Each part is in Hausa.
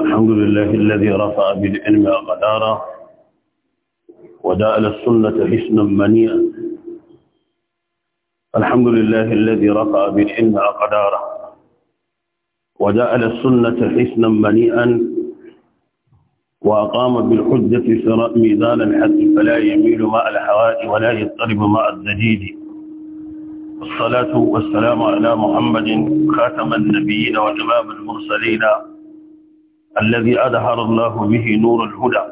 الحمد لله الذي رفع بالعلم قدارا ودال السنة حسنا منيئا الحمد لله الذي رفع بالعلم قدارا ودال السنة حسنا منيئا وأقام بالحجة ميزانا حتى فلا يميل ماء الحوائج ولا يضطرب ماء الزجيج والصلاة والسلام على محمد خاتم النبيين وإمام المرسلين الذي أدهر الله به نور الهدى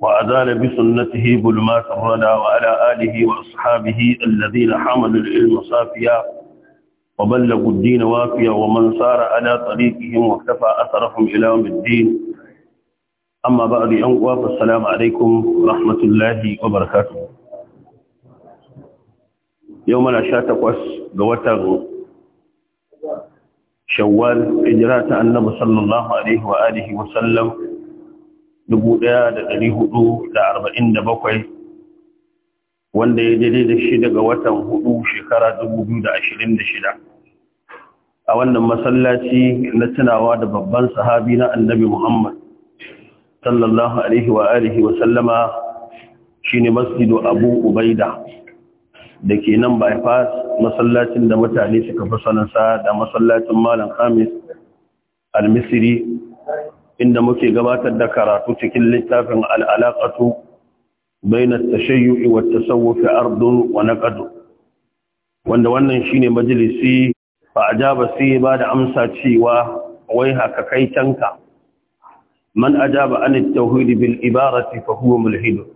وأزال بسنته ظلمات الردى وعلى آله وأصحابه الذين حملوا العلم صافيا وبلغوا الدين وافيا ومن سار على طريقهم واكتفى أثرهم إلى يوم الدين أما بعد أنقوا فالسلام عليكم ورحمة الله وبركاته yau mana sha takwas ga watan shawwal hijira ta annabi sallallahu alaihi wa alihi wa sallam 1447 wanda ya daidai da shi daga watan hudu shekara 2026 a wannan masallaci na tunawa da babban sahabi na annabi muhammad sallallahu alaihi wa alihi wa sallama shine masjidu abu ubaida da ke nan bypass masallacin da mutane suka fi sanansa da masallacin malam khamis al misiri inda muke gabatar da karatu cikin littafin al'alaƙatu na tashayyu'i wa tasawufi ardun wani ƙadu. wanda wannan shine majalisi a ajaba sai ba da amsa cewa wai haka kai tanka man ajaba an tauhidi bil ibarati fa huwa mulhidun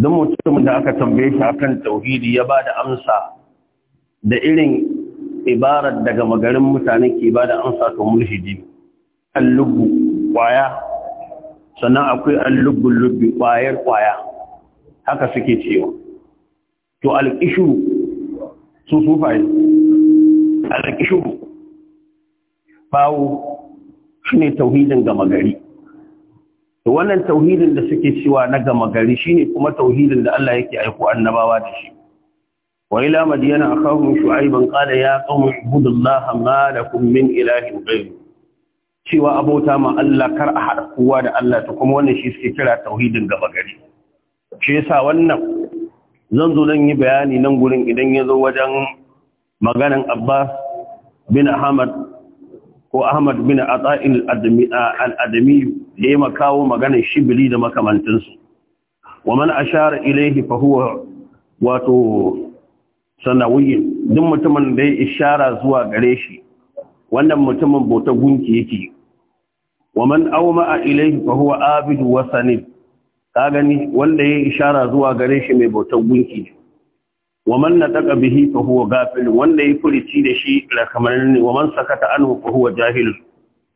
don mutum da aka tambaye shi akan tauhidi ya ba da amsa da irin ibarar daga magarin mutane ke ba da amsa to mulhidi allubu kwaya sannan akwai allubun lubbi kwayar kwaya haka suke cewa to alƙishuru su sufaye alƙishuru bawo shi ne tauhidin gama gari to wannan tauhidin da suke cewa na gama gari shine kuma tauhidin da Allah yake aiko annabawa da shi wa ila madiyana akhahum shu'aiban qala ya qawmi ibudullaha ma lakum min ilahin ghayru cewa abota ma Allah kar a hada kowa da Allah to kuma wannan shi suke kira tauhidin gama gari shi yasa wannan zan zo zan yi bayani nan gurin idan ya zo wajen maganan Abbas bin Ahmad ko Ahmad bin Ata'in al-Adami da ya makawo maganar shibili da makamantinsu. Wa man ashara ilaihi fa huwa wato sanawiyyin duk mutumin da ya ishara zuwa gare shi wannan mutumin bauta gunki yake. Wa man awma ilaihi fa huwa abid wa sanib. Ka gani wanda ya ishara zuwa gare shi mai bota gunki ne. wa man nataka bihi huwa ghafil wanda ya kurici da shi rakaman ne wa man sakata anhu fa huwa jahil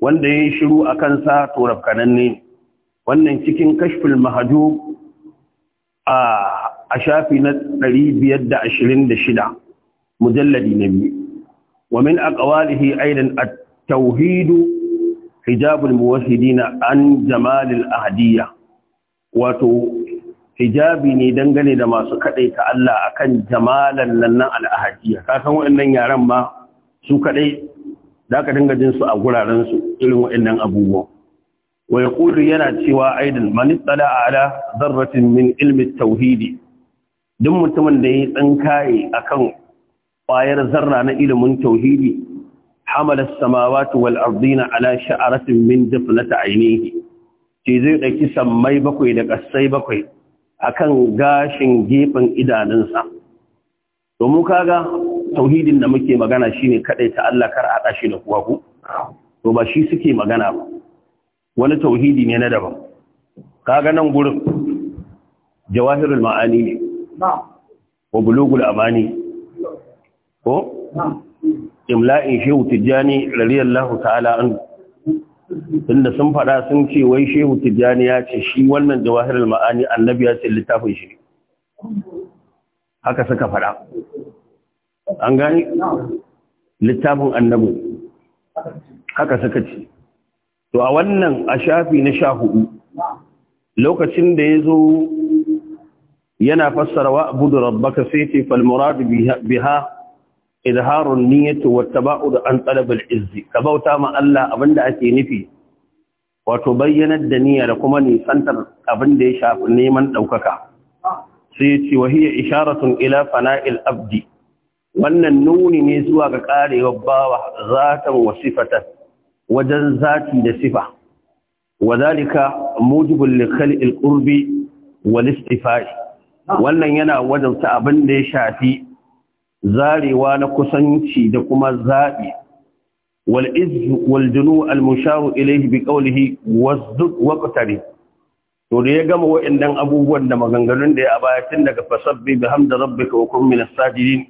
wanda ya shiru akan sa to rafkanan wannan cikin kashful mahjub a a shafi na 526 mujalladi na biyu wa min aqwalihi aidan at-tauhid hijabul muwahhidin an jamalil ahdiyya wato hijabi ne dangane da masu kaɗai ta Allah a akan jamalan nan nan al'ahadiyya ka san waɗannan yaren ma su kaɗai da ka dinga jin a gurarensu su irin waɗannan abubuwa wa ƙuri yana cewa aidan man a ala zarratin min ilmi tauhidi duk mutumin da ya yi tsinkaye kan ƙwayar zarra na ilimin tauhidi hamala samawati wal ardina ala sha'aratin min dafnata ainihi ce zai ɗauki sammai bakwai da ƙasai bakwai akan gashin gefen idanunsa domin kaga tauhidin da muke magana shine kadai ta Allah kar a dashi da kuwa ku to ba shi suke magana ba wani tauhidi ne na daban kaga nan gurin jawahirul ma'ani ne ko bulugul amani ko imla'in shehu tijjani Allah ta'ala anhu tunda sun faɗa sun ce wai shehu tijjani ya ce shi wannan jawahirul ma'ani annabi ya ce littafin shi haka suka faɗa an gani littafin annabi haka suka ce to a wannan a shafi na sha hudu lokacin da ya zo yana fassara wa abu da rabbaka sai ce falmuradu biha izharun niyyati wa da an talab al Ka kabauta ma Allah abinda ake nufi wato bayyanar da niyya da kuma nisantar abinda ya shafi neman daukaka sai ya ce wa hiya isharatun ila fana'il abdi wannan nuni ne zuwa ga karewar bawa zatan wa wajen zati da sifa Wazalika, mujibul li khalqil qurbi wal istifa'i wannan yana abin da ya shafi zarewa na kusanci da kuma zaɓi wal izzu wal junu bi qawlihi wasdud waqtari to da ya gama wa'annan abubuwan da maganganun da ya baya tun daga fasabbi bi hamdi rabbika wa kun sajidin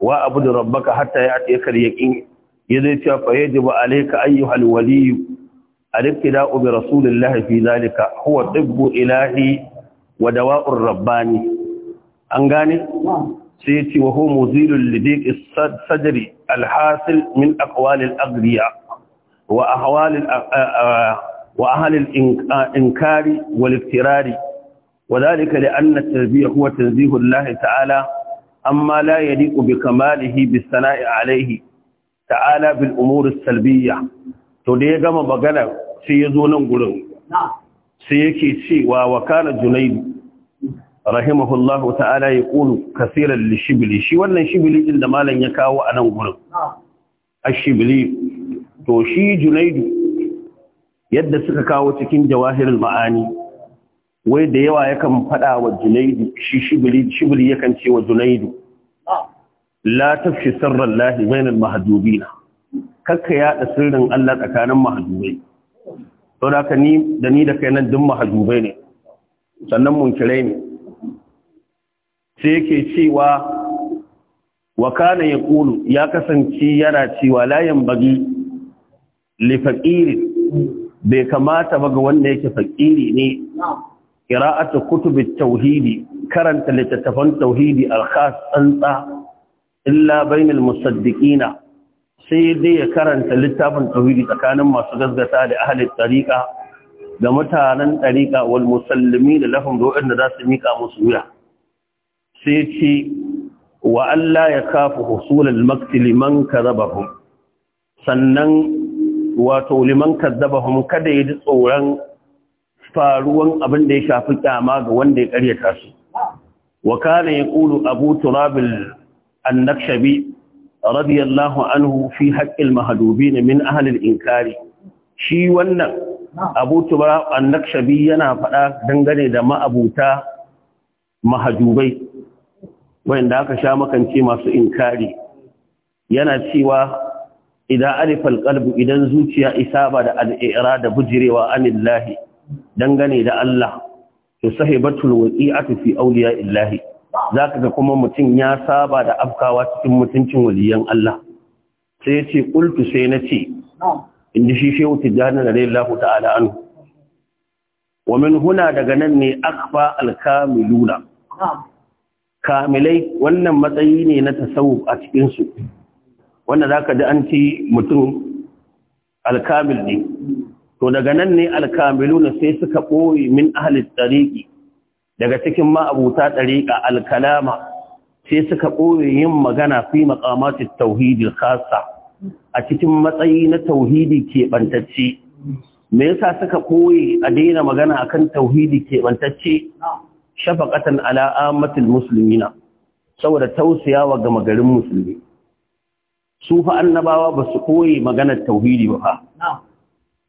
wa abud rabbaka hatta ya'tiyaka al-yaqin yadai cewa fa yajibu alayka ayyuha al-wali al-ibtida'u bi rasulillahi fi dhalika huwa tibbu ilahi wa dawa'ur rabbani an gane sai ya ce wa ho muzilu lidik sadri alhasil min aqwalil aghriya wa ahwalil wa ahlil inkari wal wa dhalika li anna at-tarbiya huwa tanzihu ta'ala amma la yadiqu bi kamalihi bi alaihi ta'ala bil umur as-salbiyya to da ya gama magana sai ya zo nan gurin sai yake cewa wa kana junaydu rahimahullahu ta'ala ya ƙulu kasirar shibili. shi wannan shibili din da malam ya kawo a nan gurin shibili. to shi junaidu yadda suka kawo cikin jawahirin ma'ani wai da yawa yakan faɗa wa junaidu shi shibili shibili yakan ce wa junaidu la tafshi sirran lahi bainal mahdubina kakka yaɗa sirrin Allah tsakanin mahdubai saboda ka ni da ni da kai nan duk mahdubai ne sannan mun munkirai ne sai yake cewa wa kana ƙulu ya kasance yana cewa la bari li bai kamata ba ga wanda yake faƙiri ne ƙira'atu kutubin tauhidi karanta littattafan tauhidi alkhas tsantsa illa bainal musaddiƙina sai dai ya karanta littafin tauhidi tsakanin masu gaskata da ahli tariqa da mutanen tariqa wal musallimi da lahum da za su mika musu wuya sai ce wa Allah ya kafa husulul makti liman kadzabahum sannan wato liman kadzabahum kada ya ji tsoron faruwan abin da ya shafi kyama ga wanda ya karyata su wa kana yaqulu abu Turabil an-nakshabi radiyallahu anhu fi haqqil mahdubin min ahli al-inkari shi wannan abu turab an-nakshabi yana faɗa dangane da ma'abuta mahdubai da aka sha makance masu inkari yana cewa idan arifal qalbu idan zuciya isaba da al'ira da bujirewa anillahi dangane da Allah to sahibatul waqi'atu fi illahi zaka ga kuma mutum ya saba da afkawa cikin mutuncin waliyan Allah sai ya ce qultu sai na ce inda shi shehu da radiyallahu ta'ala anhu wa min huna daga nan ne akfa al-kamiluna kamilai wannan matsayi ne na tasawuf a cikinsu wanda za ka ji an ci mutum alkamil ne to daga nan ne alkamilu sai suka ɓoye min ahalis tsariki daga cikin ma'abuta tsarika alkalama sai suka ɓoye yin magana fi makamacin tauhidi khasa a cikin matsayi na tauhidi keɓantacce me yasa suka ɓoye a daina magana akan tauhidi keɓantacce shafaqatan ala ammatil muslimina saboda tausayawa ga magarin musulmi su fa annabawa ba su koyi maganar tauhidi ba fa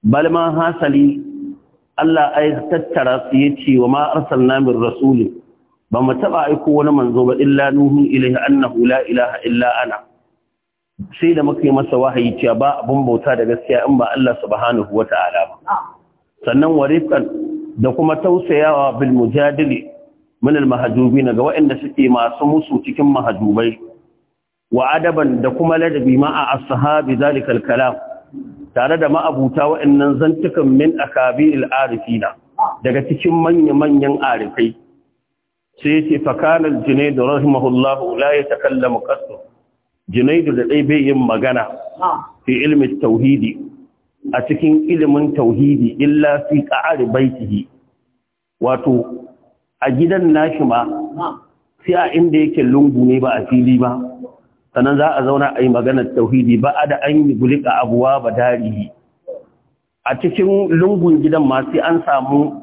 balma hasali Allah ai tattara su yace wa ma arsalna min rasulin ba mu taba aiko wani manzo ba illa nuhu ilaihi annahu la ilaha illa ana sai da muka yi masa wahayi cewa ba abun bauta da gaskiya in ba Allah subhanahu wata'ala ba sannan warifan da kuma tausayawa bil mujadili min al ga waɗanda suke masu musu cikin mahjubai wa adaban da kuma ladabi ma a ashabi zalikal kalam tare da ma'abuta waɗannan zantukan min akabiril arifina daga cikin manya-manyan arifai sai yace fakanal junayd rahimahullahu la yatakallamu qasr junayd da dai bai yin magana fi ilmi tauhidi a cikin ilimin tauhidi illa fi qa'ar baitihi wato a gidan nashi ma sai a inda yake lungu ne ba a fili ba sannan za a zauna a yi maganar tauhidi ba a da an yi gulika abuwa ba darihi a cikin lungun gidan ma sai an samu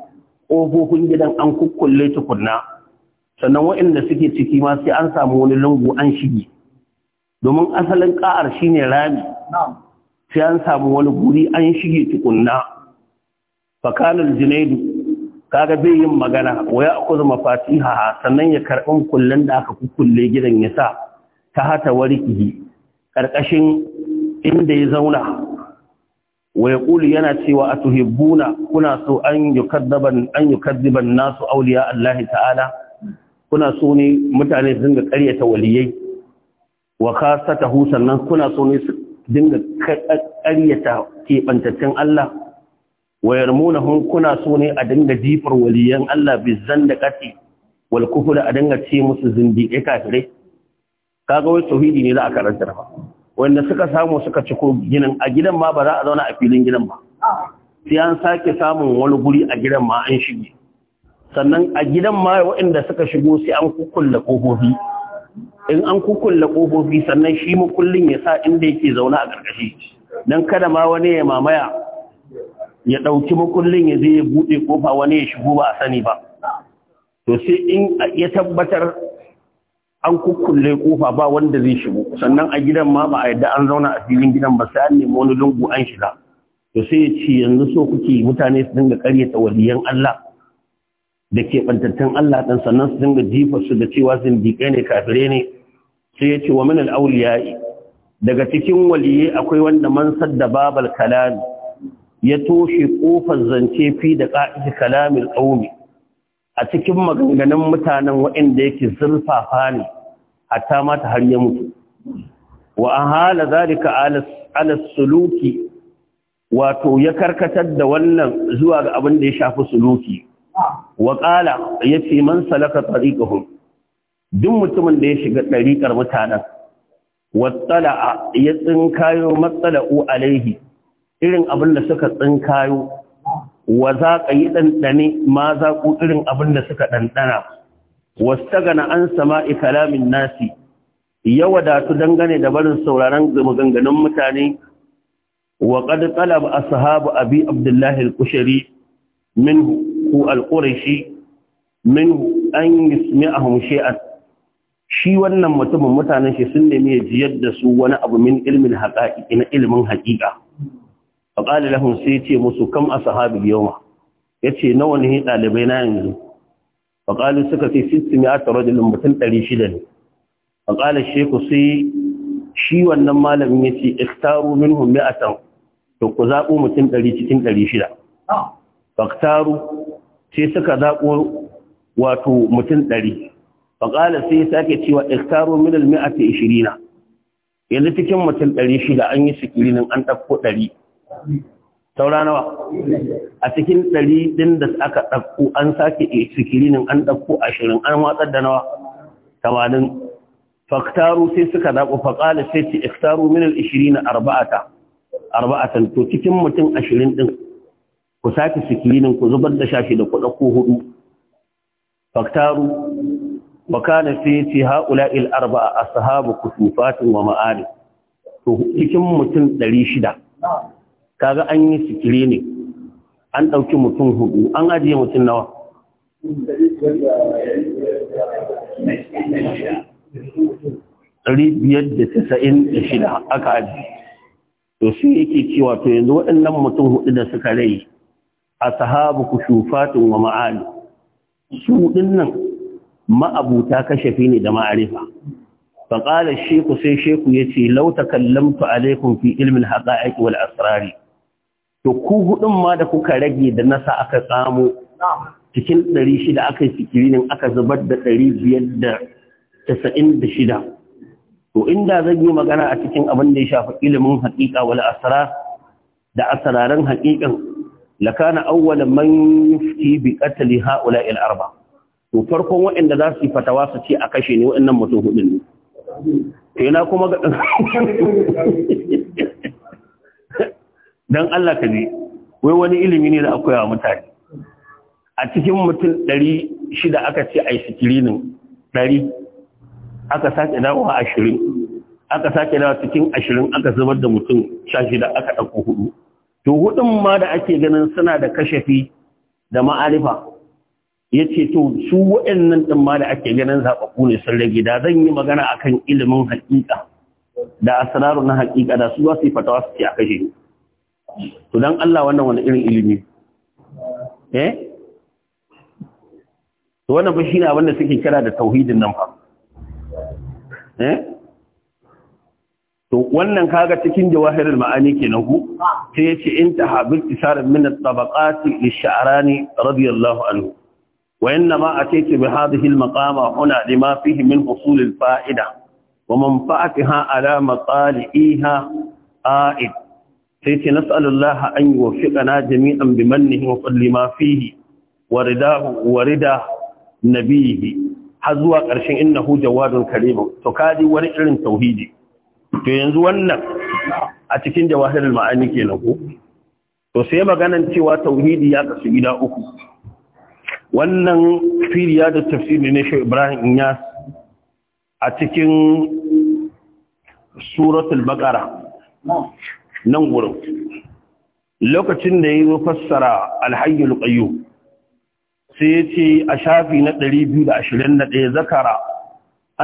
ƙofofin gidan an kukkulle tukunna sannan waɗanda suke ciki ma sai an samu wani lungu an shige domin asalin ƙa'ar shine rami sai an samu wani guri an shige tukunna fakanal junaidu kaga bai yin magana wa ya akuzu mafatiha sannan ya karɓi kullun da aka kukulle gidan ya sa ta hata warkihi ƙarƙashin inda ya zauna wa yaqulu yana cewa Tuhibbuna kuna so an yi an nasu auliya Allah ta'ala kuna so ne mutane su dinga ƙaryata waliyai wa khasatahu sannan kuna so ne su dinga ƙaryata kebantaccen Allah wayar muna kuna so ne a dinga jifar waliyan Allah bizan da kati wal kufura a dinga ce musu e kafire? kaga wai tauhidi ne za a karanta ba wanda suka samu suka ci ginin a gidan ma ba za a zauna a filin gidan ba sai an sake samun wani guri a gidan ma an shige sannan a gidan ma waɗanda suka shigo sai an kukkulla kofofi in an kukkulla kofofi sannan shi mukullin ya sa inda yake zauna a ƙarƙashi don kada ma wani ya mamaya ya ɗauki makullin ya zai buɗe ƙofa wani ya shigo ba a sani ba to sai in ya tabbatar an kukkulle ƙofa ba wanda zai shigo sannan a gidan ma ba a yadda an zauna a filin gidan ba sai an nemi wani lungu an shiga to sai ya ce yanzu so kuke mutane su dinga karyata waliyan Allah da ke ɓantattun Allah dan sannan su dinga jifa su da cewa zindiƙai ne kafire ne sai ya ce wa min al daga cikin waliyai akwai wanda man sadda babal kalami ya toshe kofar zance fi da ƙa'idi kalamin ƙaumi a cikin maganganun mutanen waɗanda yake zurfafa ne hatta mata har ya mutu wa an hala zalika ala suluki wato ya karkatar da wannan zuwa ga abin da ya shafi suluki wa ƙala ya ce man salaka hun, duk mutumin da ya shiga ɗariƙar mutanen tsala ya tsinkayo matsala'u alaihi irin abin da suka tsinkayo wa za ka yi ɗanɗane ma za ku irin abin da suka ɗanɗana Wasu gana an sama ikalamin nasi ya wadatu dangane da barin sauraron maganganun mutane wa a sahaba ashabu abi abdullahi al-kushari minhu ku al-qurashi min an yusmi'ahum shay'an shi wannan mutumin mutanen shi sun nemi ya jiyar da su wani abu min ilmin haƙaƙi na ilmin haƙiƙa. fa qala lahum sai yace musu kam ashabu yawma ce, nawa ne dalibai na yanzu fa qalu suka ce 600 rajulun mutum shida ne fa qala sheku sai shi wannan malamin ya yace ikhtaru minhum can, to ku zabo mutum ɗari cikin ɗari shida. ikhtaru sai suka zaɓo wato mutum ɗari. fa qala sai sake cewa ikhtaru min al-mi'ati 20 yanzu cikin mutum ɗari shida an yi sikirinin an ɗauko ɗari saura nawa a cikin ɗari ɗin da aka ɗauko an sake sikirinin an ɗauko ashirin an watsar da nawa tamanin faktaru sai suka zaɓo faƙala sai ce iktaru minal ishirin arba'ata arba'atan to cikin mutum ashirin ɗin ku sake sikirinin ku zubar da shashi da ku ɗauko hudu faktaru wakana sai ce haƙula il arba'a ku kusufatin wa ma'arif to cikin mutum ɗari shida kaga an yi sikire an ɗauki mutum hudu an ajiye mutum nawa ɗari biyar da tasa'in da shida aka aji to sai yake cewa to yanzu waɗannan mutum hudu da suka rai a sahabu ku shufatun wa ma'ali su nan ma'abuta kashafi ne da ma'arifa faƙalar sheku sai sheku ya ce lauta kallamtu alaikum fi ilmin haƙa'aƙi wal asrari to ku hudun ma da kuka rage da nasa aka samu cikin 600 aka yi fikirinin aka zubar da 596 to inda zan yi magana a cikin abin da ya shafi ilimin haƙiƙa wal asara da asararin haƙiƙan lakana awwal man yufti bi qatl haula al arba to farkon waɗanda za su yi fatawa su ce a kashe ne waɗannan mutum hudun ne to ina kuma ga don Allah ka je wai wani ilimi ne da akwai wa mutane a cikin mutum 600 shida aka ce a yi sikirinin 100 aka sake dawowa ashirin aka sake dawa cikin ashirin aka zubar da mutum sha shida aka ɗauko hudu to hudun ma da ake ganin suna da kashafi da ma'arifa ya ce to su waɗannan ɗin ma da ake ganin zaɓaɓɓu ne sun rage da zan yi magana akan ilimin haƙiƙa da asararun na haƙiƙa da su za su yi fatawa su ce a kashe to dan Allah wannan wani irin ilimi eh to wannan ba shine abin da suke kira da tauhidin nan fa eh to wannan kaga cikin jawahirul ma'ani kenan ku sai yace intaha bil isar min at-tabaqat lish-sha'rani radiyallahu anhu wa inma atayti bi hadhihi al-maqama huna lima fihi min husul al-fa'ida wa manfa'atiha ala matali'iha a'id sai ce nas'alullaha an yuwaffiqana jami'an bi mannihi wa fadli ma fihi wa ridahu wa rida har zuwa ƙarshen innahu jawadun karimun to kaji wani irin tauhidi to yanzu wannan a cikin jawahirul ma'ani kenan ko to sai maganan cewa tauhidi ya kasu gida uku wannan firiya da tafsiri ne shi Ibrahim Inyas a cikin suratul baqara nan gurin lokacin da ya fassara alhayyul qayyum sai ya ce a shafi na 221 zakara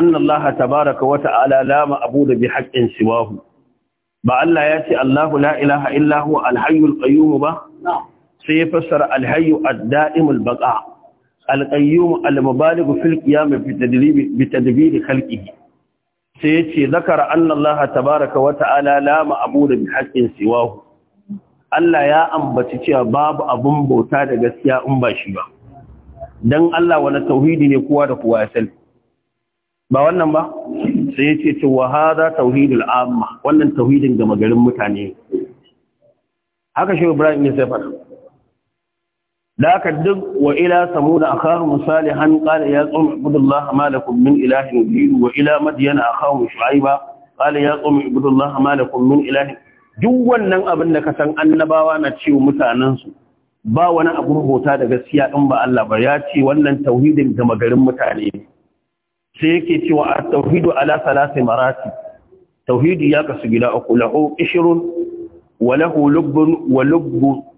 annallaha tabaraka wa ta'ala abu da bi haqqin siwahu ba Allah ya ce Allahu la ilaha illa huwa alhayyul qayyum ba sai ya fassara alhayyu ad-da'imul baqa al-qayyum al fil qiyam bi tadbir khalqihi sai ya ce zakara annallaha tabaraka ala, lama la ma'budu bi haqqin siwahu Allah ya ambaci cewa babu abun bauta da gaskiya in ba shi ba dan Allah wani tauhidi ne kowa da kowa ya sani ba wannan ba sai ya ce wa hada tauhidul amma wannan tauhidin ga magarin mutane haka shi Ibrahim ya sai fara da haka duk wa ila samuda akahum salihan qala ya qawmi ibudullaha ma lakum min ilahin biyu. wa ila a akahum shu'aiba qala ya qawmi ibudullaha ma lakum min ilahin duk wannan abin da ka san annabawa na ce mutanen su ba wani abu rubuta da gaskiya din ba Allah ba ya ce wannan tauhidin da magarin mutane sai yake cewa a tauhidu ala salasi marati tauhidi ya kasu gida uku lahu ishrun wa lahu lubbun wa lubbu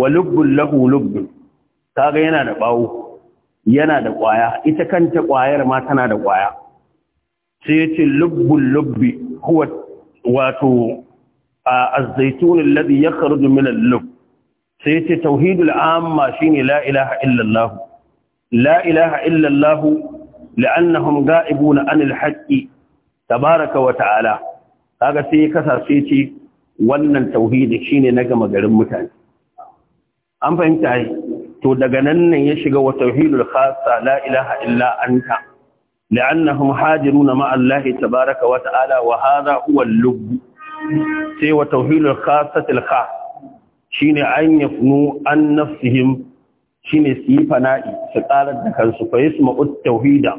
wa lubbun lahu lubbun kaga yana da bawo yana da kwaya ita kanta kwayar ma tana da kwaya sai yace lubbun lubbi huwa wato az-zaytun alladhi yakhruju min al-lubb sai yace tauhidul amma shine la ilaha illa allah la ilaha illa allah la'annahum ga'ibuna anil haqqi tabaraka wa ta'ala kaga sai ya kasa sai wannan tauhidi shine na gama garin mutane an fahimta yi to daga nan ya shiga wa tawhilul khassa la ilaha illa anta la'annahum hajiruna ma Allah tabaaraka wa ta'ala wa hadha huwa al-lubb sai wa tawhilul khassa til kha shine an yafnu an nafsihim shine sifana'i su qalar da kansu fa yasma ut tawhida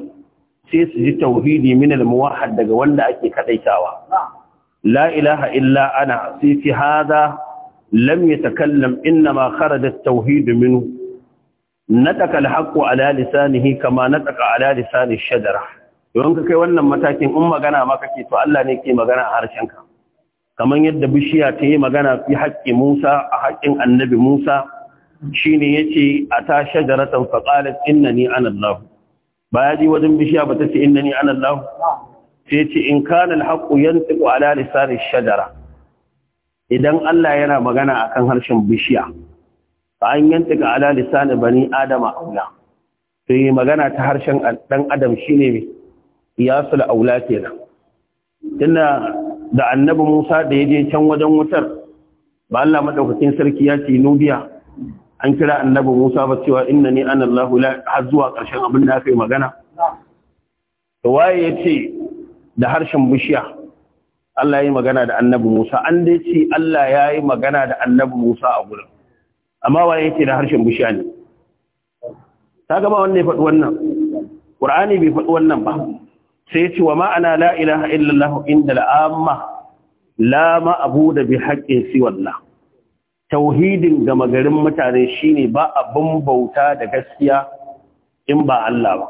sai su ji tauhidi min al-muwahhad daga wanda ake kaɗaitawa. La'ilaha ilaha illa ana sifi hadha lam yatakallam inma kharaja at-tauhid minhu nataka al-haqqu ala lisanihi kama nataka ala lisani ka kai wannan matakin in magana ma kake to Allah ne ke magana a harshenka. ka kamar yadda bishiya ta yi magana fi haƙƙi Musa a haƙƙin annabi Musa shine yace ata shajaratan faqalat innani ana Allah ba ya ji wajen bishiya ba ta ce innani ana Allah sai ce in kana al-haqqu yantiqu ala lisani ash-shajara idan Allah yana magana a kan harshen bishiya ba an ga ala lisan bani adama aula to yi magana ta harshen ɗan adam shine da aula kenan Tuna da annabi Musa da ya je can wajen wutar ba Allah maɗaukakin sarki ya ce nubiya an kira annabi Musa ba cewa innani ni Allah la har zuwa ƙarshen abin da aka yi magana to waye yace da harshen bishiya Allah ya yi magana da annabi Musa an dai ce Allah ya yi magana da annabi Musa a gudun. amma waye yake da harshen bishiya ne ta gaba wannan ya faɗi wannan Qur'ani bai faɗi wannan ba sai ya ce wa ma'ana la ilaha illallah inda lama Abu da bi haqqin siwallah tauhidin ga magarin mutane shine ba abin bauta da gaskiya in ba Allah ba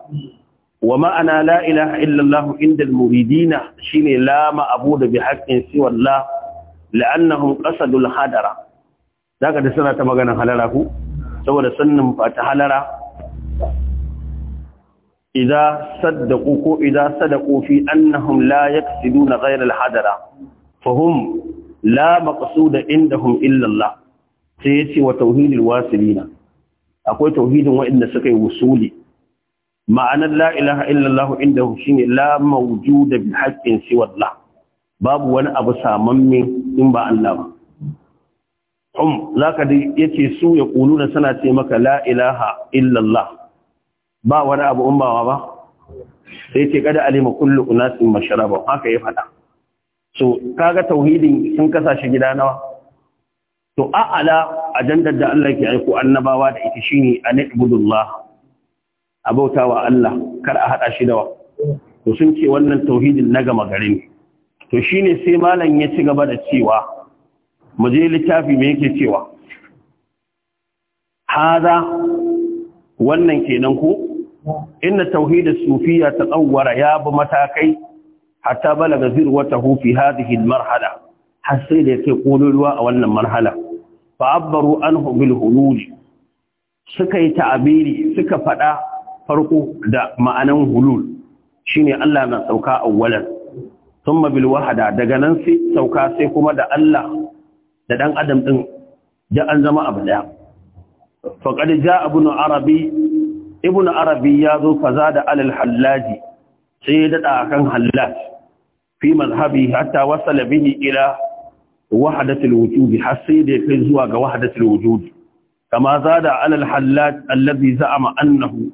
wa ma'ana la ilaha illallah inda al-muridina shine la da bi haqqin siwa Allah la'annahum qasadul hadara ka da suna ta maganar halara ku saboda sannin fata halara idan saddaqu ko idza sadaqu fi annahum la na ghayra al-hadara fahum la maqsuda indahum illa Allah sai yace wa tauhidul wasilina akwai tauhidin waɗanda suka yi wusuli ma'anar Lailaha ilaha illallah inda ne la da bi haqqin siwa babu wani abu samamme in ba Allah ba um zaka Ya yace su ya da sana ce maka la ilaha illallah ba wani abu ummawa ba sai ce kada alima kullu unasin ba, haka ya fada so kaga tauhidin sun kasashe gida nawa to a'ala ajandar da Allah ke aiko annabawa da ita shine an ibudullah a bauta wa Allah kar a haɗa shi da wa to sun ce wannan tauhidin na gama garin to shine sai malam ya ci gaba da cewa mu je littafi me yake cewa haza wannan kenan ku inna tauhidin Sufiya ta tatawwara ya bi matakai hata balaga zirwata hufi hadhihi marhala har sai da yake kololuwa a wannan marhala fa an anhu bil hulul suka yi ta'abiri suka faɗa. farko da ma'anan hulul shine Allah na sauka awwalan thumma bil wahada daga nan sai sauka sai kuma da Allah da dan adam din da an zama abu daya faqad jaa ibn arabi ibn arabi yazo fazada a hallaji sai da kan hallaj fi mazhabi hatta wasala bihi ila wahadatul wujud har sai da kai zuwa ga wahadatul wujud kama zada alal hallaj allazi za'ama annahu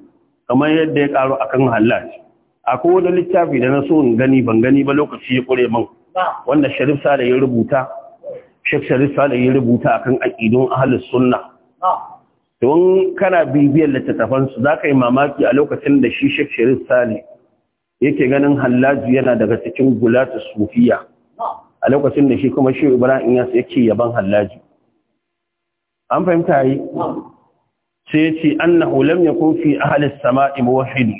kamar yadda ya karo akan hallaj akwai wani littafi da na so in gani ban gani ba lokaci ya kure man wanda sharif sale ya rubuta shek sharif sale ya rubuta a akan aƙidun ahlus sunna don kana bibiyar littattafan su zaka yi mamaki a lokacin da shi shek sharif sale yake ganin hallaji yana daga cikin gulatu sufiya a lokacin da shi kuma shi ibrahim ya yake yaban hallaji an fahimta yi sai ce annahu lam yakun fi ahli as-sama'i muwahhid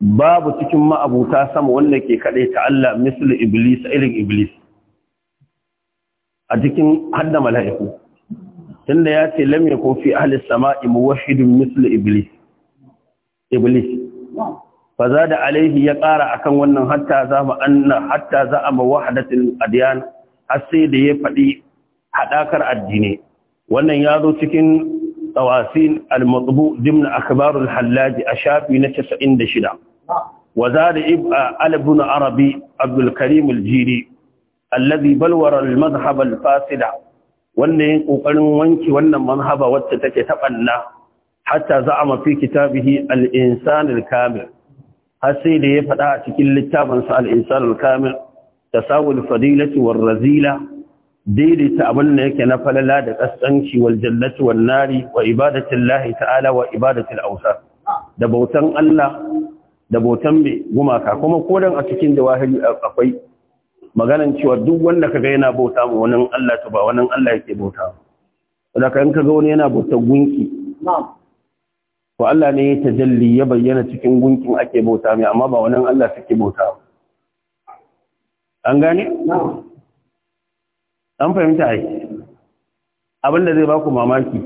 babu cikin ma'abuta sama wanda ke kadai ta Allah misali iblis irin iblis a cikin hadda mala'iku tunda ya ce lam yakun fi ahli as-sama'i muwahhid mislu iblis iblis da alaihi ya ƙara akan wannan hatta za mu anna hatta za a mawahadatul adyan har sai da ya faɗi hadakar addini wannan ya zo cikin Tawasin طواسين المطبوء a shafi na أشافي da shida. Wazari وزاد ابن ابن Arabi عبد Ljiri, الجيري الذي بلور المذهب الفاسد wannan kokarin wanki wannan manhaba wacce take tabanna hatta za'ama fi kitabihi al-insan al-kamil har sai da ya faɗa a cikin littafin sa al-insan al-kamil tasawul fadilati war razila daidaita abin da yake na falala da kaskanci wal jannati wal nari wa ibadatin lahi ta'ala wa ibadatil awsat da bautan Allah da bautan mai gumaka kuma kodan a cikin jawahiri akwai maganan cewa duk wanda kaga yana bauta ma wani Allah to ba wani Allah yake bauta ba ka ga wani yana bauta gunki to Allah ne ya tajalli ya bayyana cikin gunkin ake bauta mai amma ba wani Allah suke bauta an gane an fahimta ai abin da zai ba ku mamaki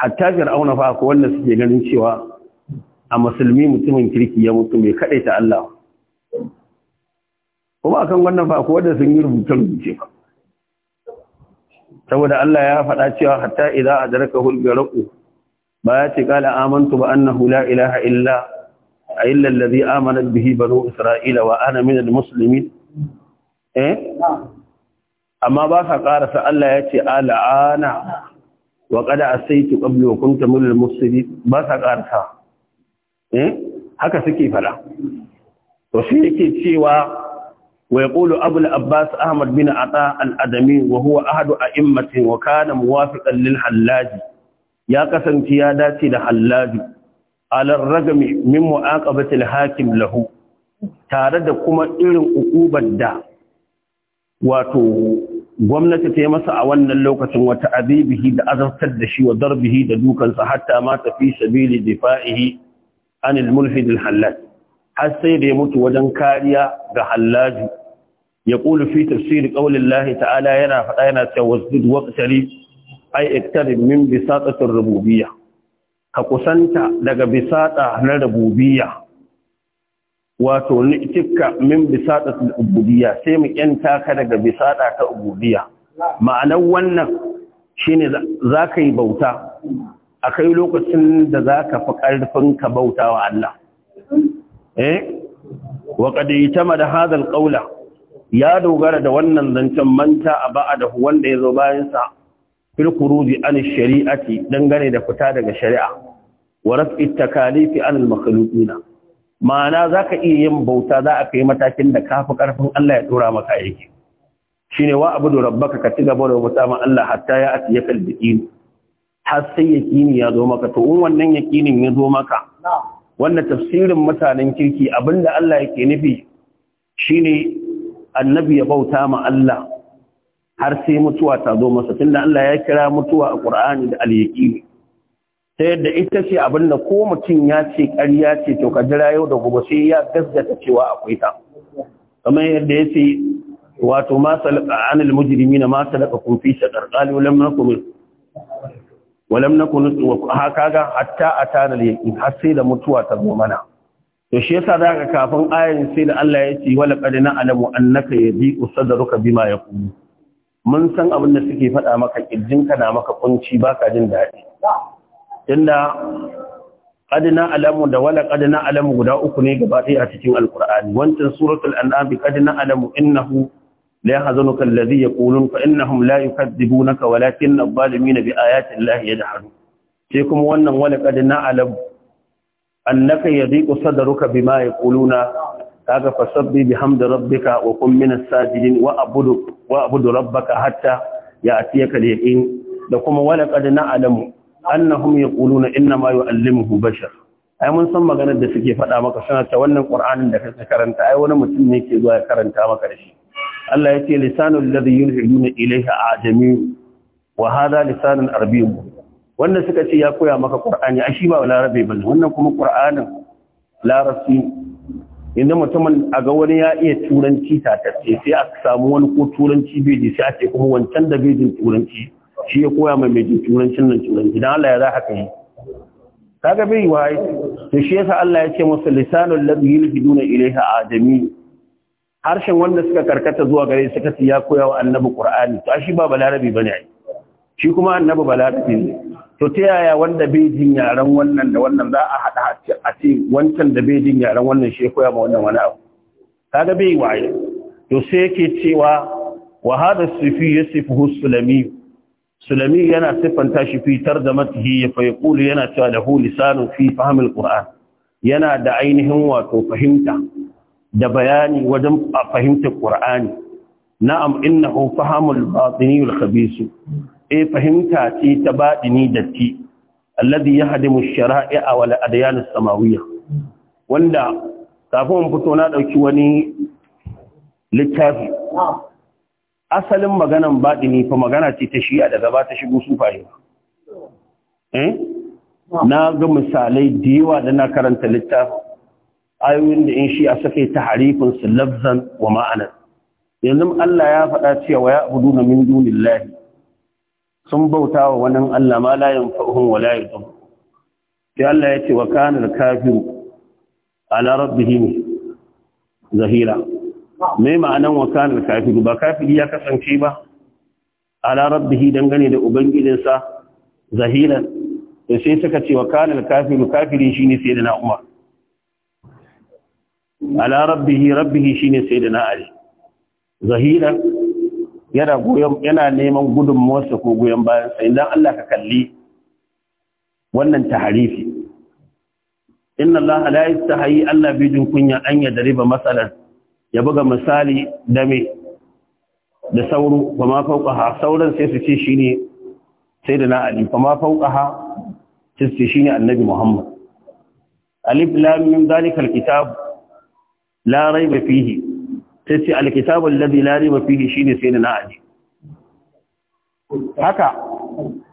hatta auna fa ko wanda suke ganin cewa a musulmi mutumin kirki ya mutu mai kaɗai ta Allah kuma akan wannan fa ko wanda sun yi rubuce rubuce fa saboda Allah ya faɗa cewa hatta idza adraka hul garqu ba ya ce qala amantu ba annahu la ilaha illa illa alladhi amanat bihi banu isra'ila wa ana minal muslimin eh amma ba ka ƙarasa Allah ya ce ala'ana wa ƙada a sai tu ƙabli wa kunta ba ka ƙarasa eh? haka suke fara to yake cewa waiƙulu ya abbas ahmad bin ata al'adami wa huwa ahadu a immati wa kana muwafiƙan lil ya kasance ya dace da hallaji alar ragami min mu'aqabati al-hakim lahu tare da kuma irin ukubar da wato gwamnati ta yi masa a wannan lokacin wata abibihi da azartar da shi wa darbihi da dukansa hatta ma tafi sabili difa'ihi anil mulhid al har sai da ya mutu wajen kariya ga hallaji ya kulu fi tafsiri qaulillahi ta'ala yana faɗa yana cewa wasdud waqtari ai iktarib min bisatatir rububiyya ka kusanta daga bisata na rububiyya wato tikka min bisadatul ubudiyya sai mu kenta ka daga bisada ta ubudiyya ma'anar wannan shine zaka yi bauta akai lokacin da zaka fi karfin ka bauta wa Allah eh wa qad itamada hadha ya dogara da wannan zancen manta a ba'da wanda yazo bayan sa fil khuruji an shari'ati dangane da fita daga shari'a wa raf'i takalifi an al makhluqina ma'ana za ka iya yin bauta za a kai matakin da kafi ƙarfin Allah ya ɗora maka aiki shi ne wa abu da rabbaka ka ci gaba da bauta ma Allah hatta ya ati ya kalbi har sai yakini ya zo maka to in wannan yakinin ya zo maka wanda tafsirin mutanen kirki abinda Allah yake nufi shine annabi ya bauta ma Allah har sai mutuwa ta zo masa tunda Allah ya kira mutuwa a Qur'ani da al-yaqini ta yadda ita ce abin da ko mutum ya ce ƙarya ce to ka jira yau da gobe sai ya gaskata cewa akwai ta kamar yadda ya ce wato ma salaka anil mujrimi na ma salaka kun fi shadar qalu lam nakum walam nakun haka ga hatta atana al-yaqin har sai da mutuwa ta zo mana to shi yasa zaka kafin ayin sai da Allah ya ce wala qad na'lamu annaka yadiqu sadruka bima yaqulu mun san abin da suke faɗa maka kirjinka na maka kunci baka jin daɗi tunda adina alamu da wala adina alamu guda uku ne gaba ɗaya a cikin alkur'ani wancan suratul an'am bi adina alamu innahu la yahzunuka alladhi yaqulun fa innahum la yukadzibunaka walakin adh-dhalimina bi ayati llahi yajhadun sai kuma wannan wala adina alamu annaka yadhiqu sadruka bima yaquluna kaga fasabbi bihamdi rabbika wa kun minas sajidin wa abudu wa abudu rabbaka hatta ya'tiyaka al-yaqin da kuma wala qad al'amu. annahum yaquluna inna ma yu'allimuhu bashar ai mun san maganar da suke faɗa maka suna ta wannan qur'anin da kake karanta ai wani mutum ne ke zuwa ya karanta maka da shi Allah ya ce lisanul ladhi yulhiduna ilayha ajami wa hadha lisanun arabiy wanda suka ce ya koya maka qur'ani ai shi ba larabe bane wannan kuma qur'anin larabci inda mutumin a ga wani ya iya turanci tatacce sai a samu wani ko turanci bai ji sai a ce kuma wancan da bai jin turanci shi ya koya mai mai turancin nan turanci dan Allah ya za haka yi kaga bai wai to shi yasa Allah ya ce masa lisanul ladhi yulhiduna ilayha adami harshen wanda suka karkata zuwa gare suka ci ya koya wa annabi qur'ani to shi ba balarabi bane ai shi kuma annabi balarabi ne to ta yaya wanda bai jin yaran wannan da wannan za a hada a ce wancan da bai jin yaran wannan shi ya koya ma wannan wani abu kaga bai wai to sai yake cewa wa hada sufi yasifuhu sulami sulami yana siffanta shi da tarjamatihi ya fa yana cewa lahu lisanun fi fahmil yana da ainihin wato fahimta da bayani wajen fahimtar qur'ani na'am inna fahmul batini wal E, eh, fahimta ce ta ni datti alladhi yahdimu ash-shara'i'a wal adyan samawiyya wanda kafin fito na dauki wani littafi asalin maganan baɗini fa magana ce ta shi'a da gaba ta shigo sufaye eh? na ga misalai da yawa da na karanta littafin ayoyin da in shi'a suka yi ta harifin su lafzan wa ma'anar yanzu Allah ya faɗa cewa ya abudu na min dunillahi sun bauta wa wani Allah ma la yanfa'uhum wa la yadhur sai Allah ya ce wa kana al-kafiru ala rabbihim zahira mai ma'anan wakanar kafiru ba kafiri ya kasance ba ala rabbihi dangane da ubangidinsa, zahiran da sai suka ce wa wakanar kafiru kafiri shine sai da na umar ala rabbihi rabbihi shine sai da na ali zahiran yana goyon yana neman gudun motsa ko goyon bayan sa dan Allah ka kalli wannan taharifi inna Allah la yastahi Allah bidin kunya an yadriba masalan ya buga misali da me da sauro ba ma fauƙaha sauran sai su ce shi ne sai da na'ali ba ma fauƙaha sai su ce shi ne annabi muhammad alif lamin zalikar kitab la ba fihi sai ce alkitabul ladhi la ba fihi shine sai da na'ali haka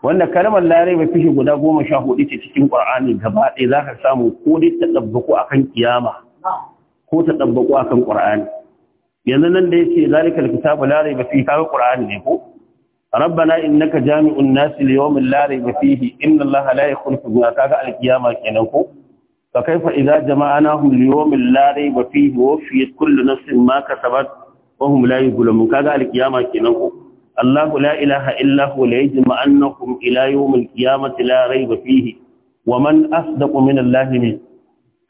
wanda kalmar la ba fihi guda 14 ce cikin qur'ani gaba ɗaya zaka samu ko dai ta dabbaku akan kiyama ko ta ɗabbaƙo akan ƙur'ani yanzu nan da ya ce yake zalikal kitabu la raiba fihi kaga ƙur'ani ne ko rabbana naka jami'un nas li yawmin la raiba fihi inna allaha la yakhlufu ga kaga alqiyama kenan ko Ka kai fa kaifa idza jama'anahum li yawmin la raiba fihi wa fiyat kullu nafsin ma kasabat wa hum la yuzlamun kaga alqiyama kenan ko الله لا إله إلا هو ليجمعنكم إلى يوم القيامة لا ريب Wa man أصدق من الله منه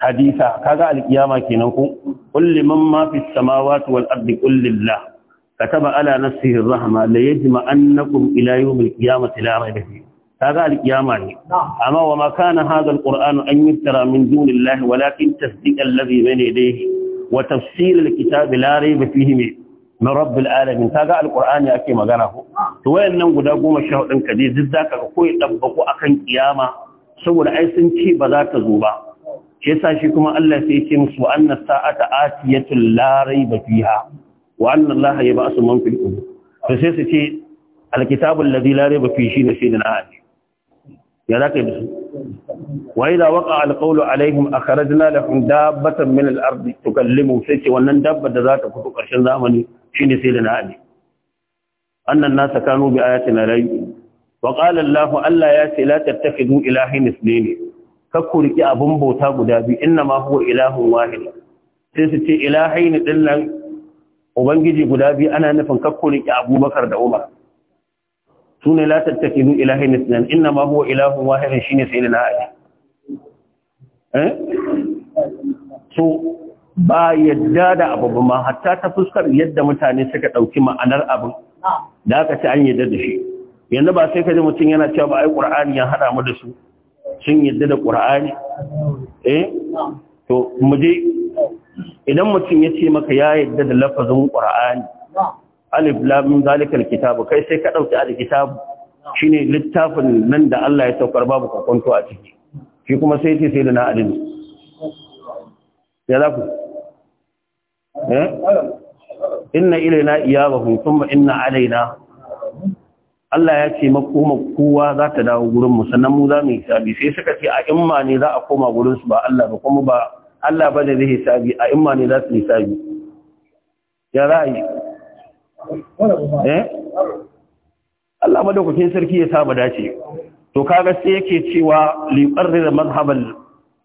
hadisa kaga alkiyama kenan ku kulli man ma fi samawati wal ardi kullillah kataba ala nafsihi rahma la yajma annakum ila yawm al qiyamati la rayba fihi kaga al qiyama ne amma wa ma kana hadha al an yuftara min dunillahi walakin tasdiq alladhi bayna yadayhi wa tafsil al la rayba fihi na rabbul alamin kaga alqur'ani ake magana ku? to wayannan guda 14 kaje duk zaka ga koyi dabbako akan kiyama saboda ai sun ce ba za ta zo ba shi sa shi kuma Allah sai ya ce musu wa anna sa'ata atiyatul la raiba fiha wa anna Allah yab'asu man fil qubur to sai su ce alkitabul ladhi la raiba fihi shine shi na ali ya zaka yi musu wa idha waqa alqawlu alaihim akhrajna lahum dabbatan min al-ard tukallimu sai ce wannan dabbar da za ta fito karshen zamani shi ne sai da na ali annan nasa kanu bi ayatina la yu'minun وقال الله ألا ياتي لا تتخذوا إلهين اثنين Ka riƙe abin bauta guda biyu inna ma huwa ilahun wahid sai su ce ilahaini dillan ubangiji guda biyu ana nufin kakku riƙe abubakar da umar sune la tattakidu ilahaini sunan inna ma huwa ilahun wahid shine sai na ali eh so ba yadda da abu ba ma hatta ta fuskar yadda mutane suka ɗauki ma'anar abin da aka ci an yadda da shi yanzu ba sai ka ji mutum yana cewa ba ai qur'ani ya hada mu da su sun yadda da ƙura'ani eh to muje. idan mutum ya ce maka ya yadda da lafazin ƙura'ani alif lamin zalikal kitabu kai sai ka ɗauki alkitabu ne littafin nan da Allah ya saukar babu kwakwanto a ciki shi kuma sai ce sai da na alimi ya za ku eh iya ba iyabahum ma inna alaina Allah ya ce makoma kowa za ta dawo gurin mu sannan mu za mu yi sabi sai suka ce a imma ne za a koma gurin su ba Allah ba kuma ba Allah ba da zai sabi a imma ne za su sabi ya ra'ayi eh Allah madaukakin sarki ya saba dace to kaga sai yake cewa da mazhabal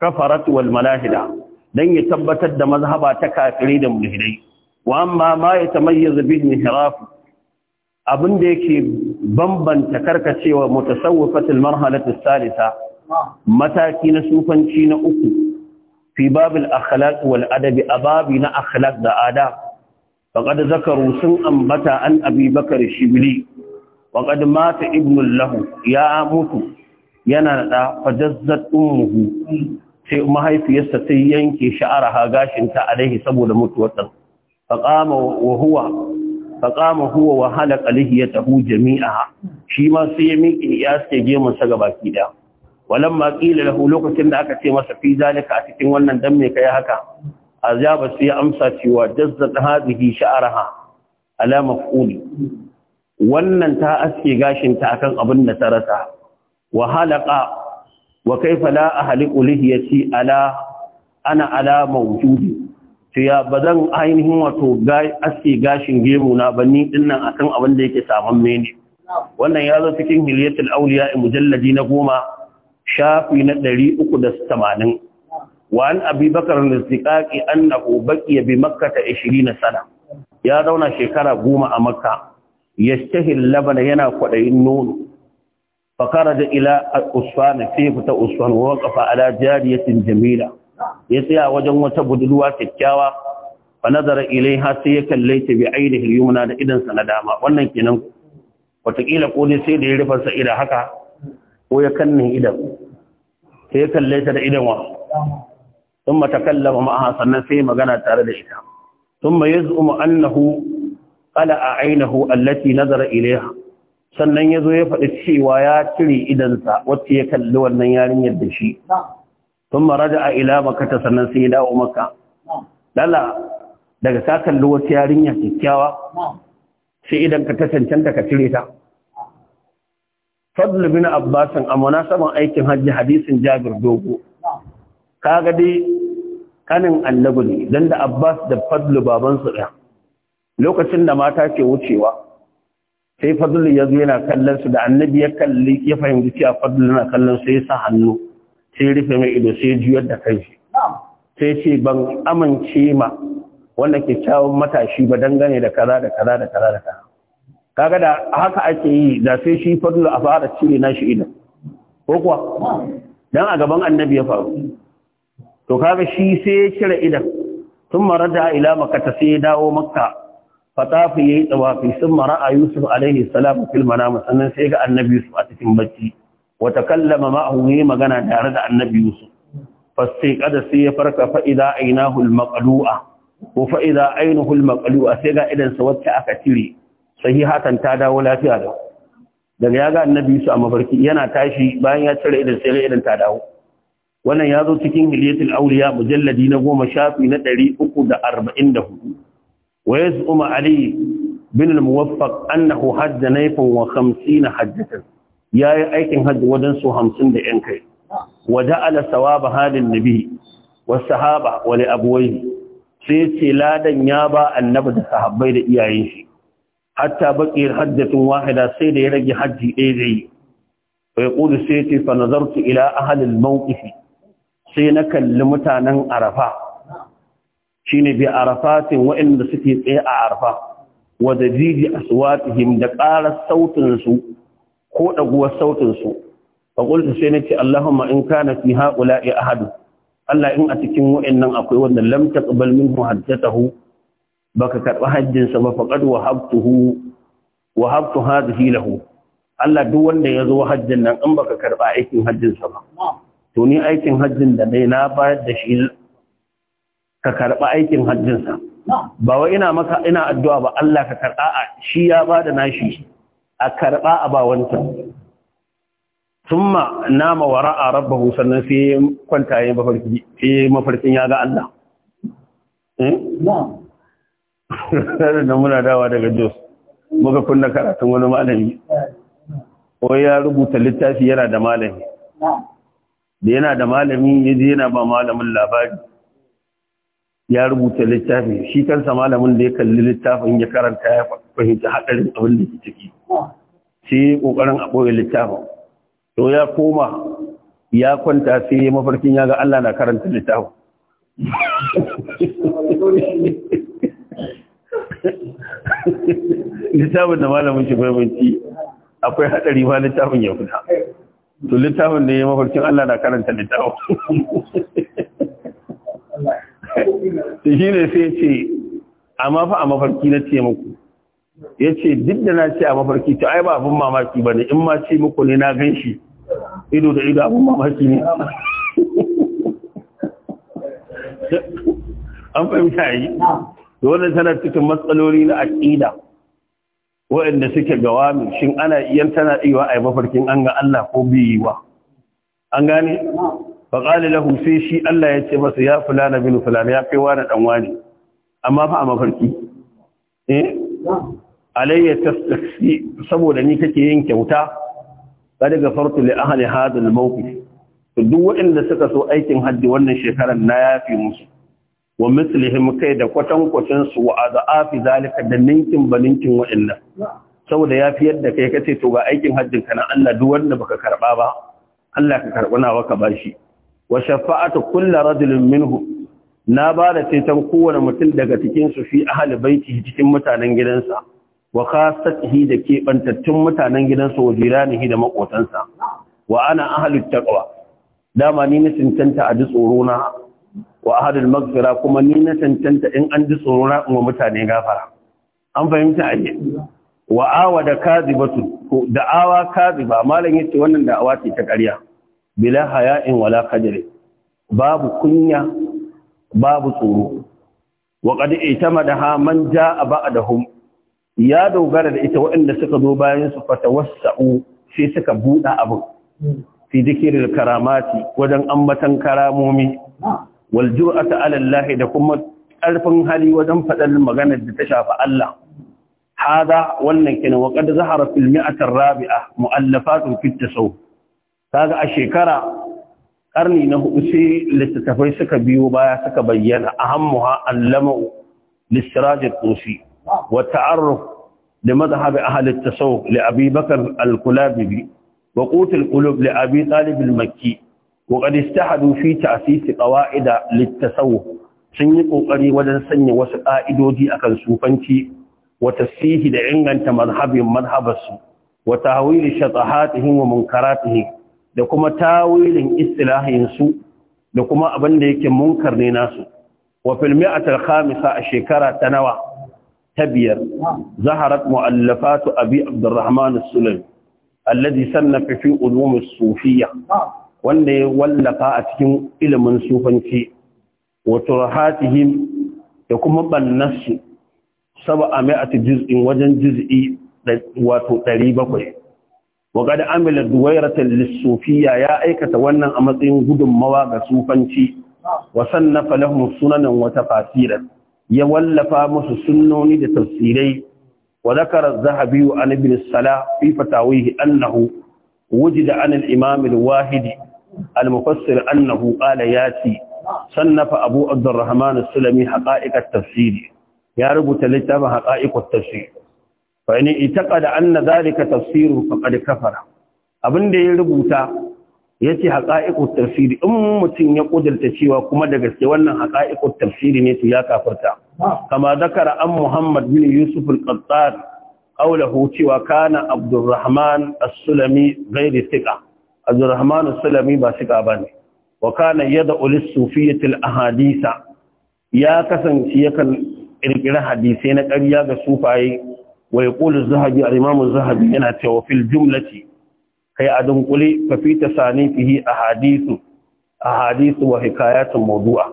kafarat wal malahida dan ya tabbatar da mazhaba ta kafiri da mulhidai wa amma ma yatamayyazu bihi hiraf abin da yake bambanta karkacewa mutasawwifatul marhalatus salisa mataki na sufanci na uku fi babil akhlaq wal adabi ababi na akhlaq da adab faqad zakaru sun ambata an abi bakar shibli waqad mata ibnu lahu ya mutu yana da fajazzat ummuhu sai mahaifiyarsa sai yanke sha'ara ha gashinta alaihi saboda mutuwar dan faqama wa huwa faƙama huwa wa ya tahu jami'a shi ma sai ya miƙe ya sai gemun sa gabaki da walamma qila lahu lokacin da aka ce masa fi zalika a cikin wannan dan me kai haka azaba sai ya amsa cewa jazzat hadhihi sha'raha ala maf'uli wannan ta aske gashin ta akan abin da ta rasa wa halaka wa kaifa la ahliqu lihiyati ala ana ala mawjudi ya ba zan ainihin wato aske gashin gemu na ba ni dinnan akan abin da yake saman mene wannan ya zo cikin hiliyatul auliya mujalladi na goma shafi na ɗari uku da tamanin wa'an abubakar da sikaki an na ya bi makka ishirin sana ya zauna shekara goma a makka ya stahil labana yana kwaɗayin nono fakara da ila usfan sai fita usfan wa kafa ala jariyatin jamila ya tsaya wajen wata budurwa kyakkyawa fa nazara ilaiha sai ya kalle ta bi ainihi yumna da idan sa na dama wannan kenan wataƙila ko ne sai da ya rufa sa ida haka ko ya kanne idan sai ya kalle ta da idan wa ثم تكلم معها sannan sai magana tare da ita ثم يزعم انه قلع عينه التي نظر اليها sannan ya zo ya faɗi cewa ya cire idansa wacce ya kalli wannan yarinyar da shi sun maraja a ila makata sannan sai ya dawo maka lala daga ka kalli wata yarinya kyakkyawa sai idan ka ta da ka cire ta fadl bin abbasin a saman aikin hajji hadisin jabir dogo kaga dai kanin annabi ne dan da abbas da fadl babansu ɗaya lokacin da mata ke wucewa sai fadl ya zo yana kallon su da annabi ya kalli ya fahimci cewa fadl na kallon sai ya sa hannu sai rufe mai ido sai juyar da kanshi sai ce ban amince ma wanda ke kyawun matashi ba dangane da kaza da kaza da kaza da kaza kaga da haka ake yi da sai shi fadlu a fara cire nashi ido ko kuwa dan a gaban annabi ya faru to kaga shi sai ya cire idan tun marada ila makka sai ya dawo makka fatafi yayi tawafi sun mara a yusuf alaihi salam fil manam sannan sai ga annabi yusuf a cikin bacci Wata kallama ma'ahu ne magana tare da annabi yusuf fasai kada sai ya farka fa idza aynahu al ko fa idza aynahu sai ga idan sa wacce aka tire sahihatan ta dawo lafiya da daga ya ga annabi yusuf a mafarki yana tashi bayan ya cire idan sai idan ta dawo wannan ya zo cikin hilyatul auliya mujalladi na goma shafi na ɗari uku da arba'in da hudu wa ya zuma ali bin al-muwaffaq annahu hajja naifin wa hamsina hajjatan ya yi aikin hajji wajen su hamsin da ‘yan kai, waje ala ba halin nabi Wasu sahaba wani abuwai sai ce ladan ya ba annabi da sahabbai da iyayen shi, hatta baƙi hajjatun wahida sai da ya rage hajji ɗaya da yi. Bai ƙudu sai ce fa nazartu ila ahalin mawƙifi sai na kalli mutanen arafa shi ne bi arafatin waɗanda suke tsaye a arafa wa da jiji aswatihim da ƙara sautinsu ko ɗaguwar sautinsu fa qultu sai nace Allahumma in kana fi haula'i ahadu Allah in a cikin wa'annan akwai wanda lam taqbal minhu hajjatahu baka karɓi hajjinsa ba wa wahabtuhu wahabtu hadhihi lahu Allah duk wanda ya zo hajjin nan in baka karɓa aikin hajjinsa ba to ni aikin hajjin da dai na bayar da shi ka karɓi aikin hajjinsa ba wa ina maka ina addu'a ba Allah ka karɓa shi ya ba da nashi a karɓa a bawanta summa nama wara'a rabbahu sannan sai kwanta yayin mafarki sai mafarkin ya ga Allah eh na muna dawa daga Jos muka kunna karatun wani malami ko ya rubuta littafi yana da malami da yana da malami yaje yana ba malamin labari ya rubuta littafi shi kansa malamin da ya kalli littafin ya karanta ya fahimci haɗarin abin da ke ciki sai ƙoƙarin a ɓoye littafin to ya koma ya kwanta sai ya mafarkin ya ga Allah na karanta littafin littafin da malamin shi fahimci akwai haɗari ma littafin ya fita to littafin da ya mafarkin Allah na karanta littafin ta shi ne sai ce amma fa a mafarki na ce muku ya ce duk da na ce a mafarki ta ai ba abin mamaki ba ne in ma ce muku ne na gan shi ido da ido abin mamaki ne an fahimta yi da wannan tana cikin matsaloli na aƙida waɗanda suke min shin ana iyan tana iya a mafarkin an ga Allah ko biyiwa an gane faƙali lahu sai shi Allah ya ce masa ya fulana bin fulana ya kai wani ɗan wani amma fa a mafarki eh alayya tastafi saboda ni kake yin kyauta ba daga farko li ahli hadha al-mawqif to duk waɗanda suka so aikin haddi wannan shekarar na yafi musu wa mislihim kai da kwatan kwatan su wa azafi zalika da ninkin baninkin waɗannan saboda yafi yadda kai kace to ga aikin haddin kana Allah duk wanda baka karba ba Allah ka karɓi nawa ka bashi wa shafa'atu kulli rajulin minhu na ba da ceton kowane mutum daga cikin su fi ahli baiti cikin mutanen gidansa wa khasatihi da kebantattun mutanen gidansa wa jiranihi da makotansa wa ana ahli taqwa dama ni na cancanta a ji tsoro na wa ahli maghfira kuma ni na cancanta in an ji tsoro na in wa mutane gafara an fahimta a wa awa da kazibatu da'awa kaziba malam yace wannan da'awa ce ta ƙarya bila haya'in wala kadiri babu kunya babu tsoro wa qad itamadaha man jaa ba'dahum ya dogara da ita waɗanda suka zo bayan su fatawassa'u sai suka buɗa abin fi zikirin karamati wajen ambatan karamomi wal jur'ata ala da kuma ƙarfin hali wajen faɗan maganar da ta shafa Allah hada wannan kina wa qad zahara fil mi'atir rabi'a mu'allafatun fit sau. kaga a shekara ƙarni na hudu sai littattafai suka biyo baya suka bayyana ahammuha allama للسراج الطوسي والتعرف لمذهب أهل التصوف لأبي بكر الكلابي وقوت القلوب لأبي طالب المكي وقد استحدوا في تأسيس قواعد للتصوف sun yi ƙoƙari wajen sanya wasu ƙa'idodi akan sufanci wa sihi da inganta mazhabin mazhabarsu wata hawili shatahatihin wa munkaratihim da kuma tawilin istilahinsu da kuma abin da yake munkar ne nasu wa fil mi'atil khamisa a shekara ta nawa ta biyar zaharat mu'allafatu abi abdurrahman as-sulaim alladhi sannafa fi ulum as-sufiyya wanda ya wallafa a cikin ilimin sufanci wa turhatihim da kuma bannasu sab'a mi'ati juz'in wajen juz'i wato 700 wa qad amila duwairatan lis ya aikata wannan a matsayin gudunmawa ga sufanci wa sannafa lahum sunanan wa tafasiran ya wallafa musu sunnoni da tafsirai wa zakara az-zahabi an ibn salah fi annahu wujida an al-imam wahidi al-mufassir annahu qala yati sannafa abu abdurrahman as-sulami haqa'iq at ya rubuta littafin haqa'iq at fa in itaqada anna zalika tafsiru faqad kafara abinda ya rubuta yace haqa'iqut tafsiri in mutum ya ƙudirta cewa kuma da gaske wannan haqa'iqut tafsiri ne to ya kafarta. kama zakara an muhammad bin yusuf al-qattan qawluhu cewa kana abdurrahman as-sulami ghairi thiqa abdurrahman as-sulami ba thiqa bane wa kana yad'u lis ahadisa ya kasance yakan kirkira hadisai na ƙarya ga sufaye ويقول الذهبي الإمام الذهبي أنا وفي الجملة هي أدم قلي ففي تصانيفه أحاديث أحاديث وحكايات موضوعة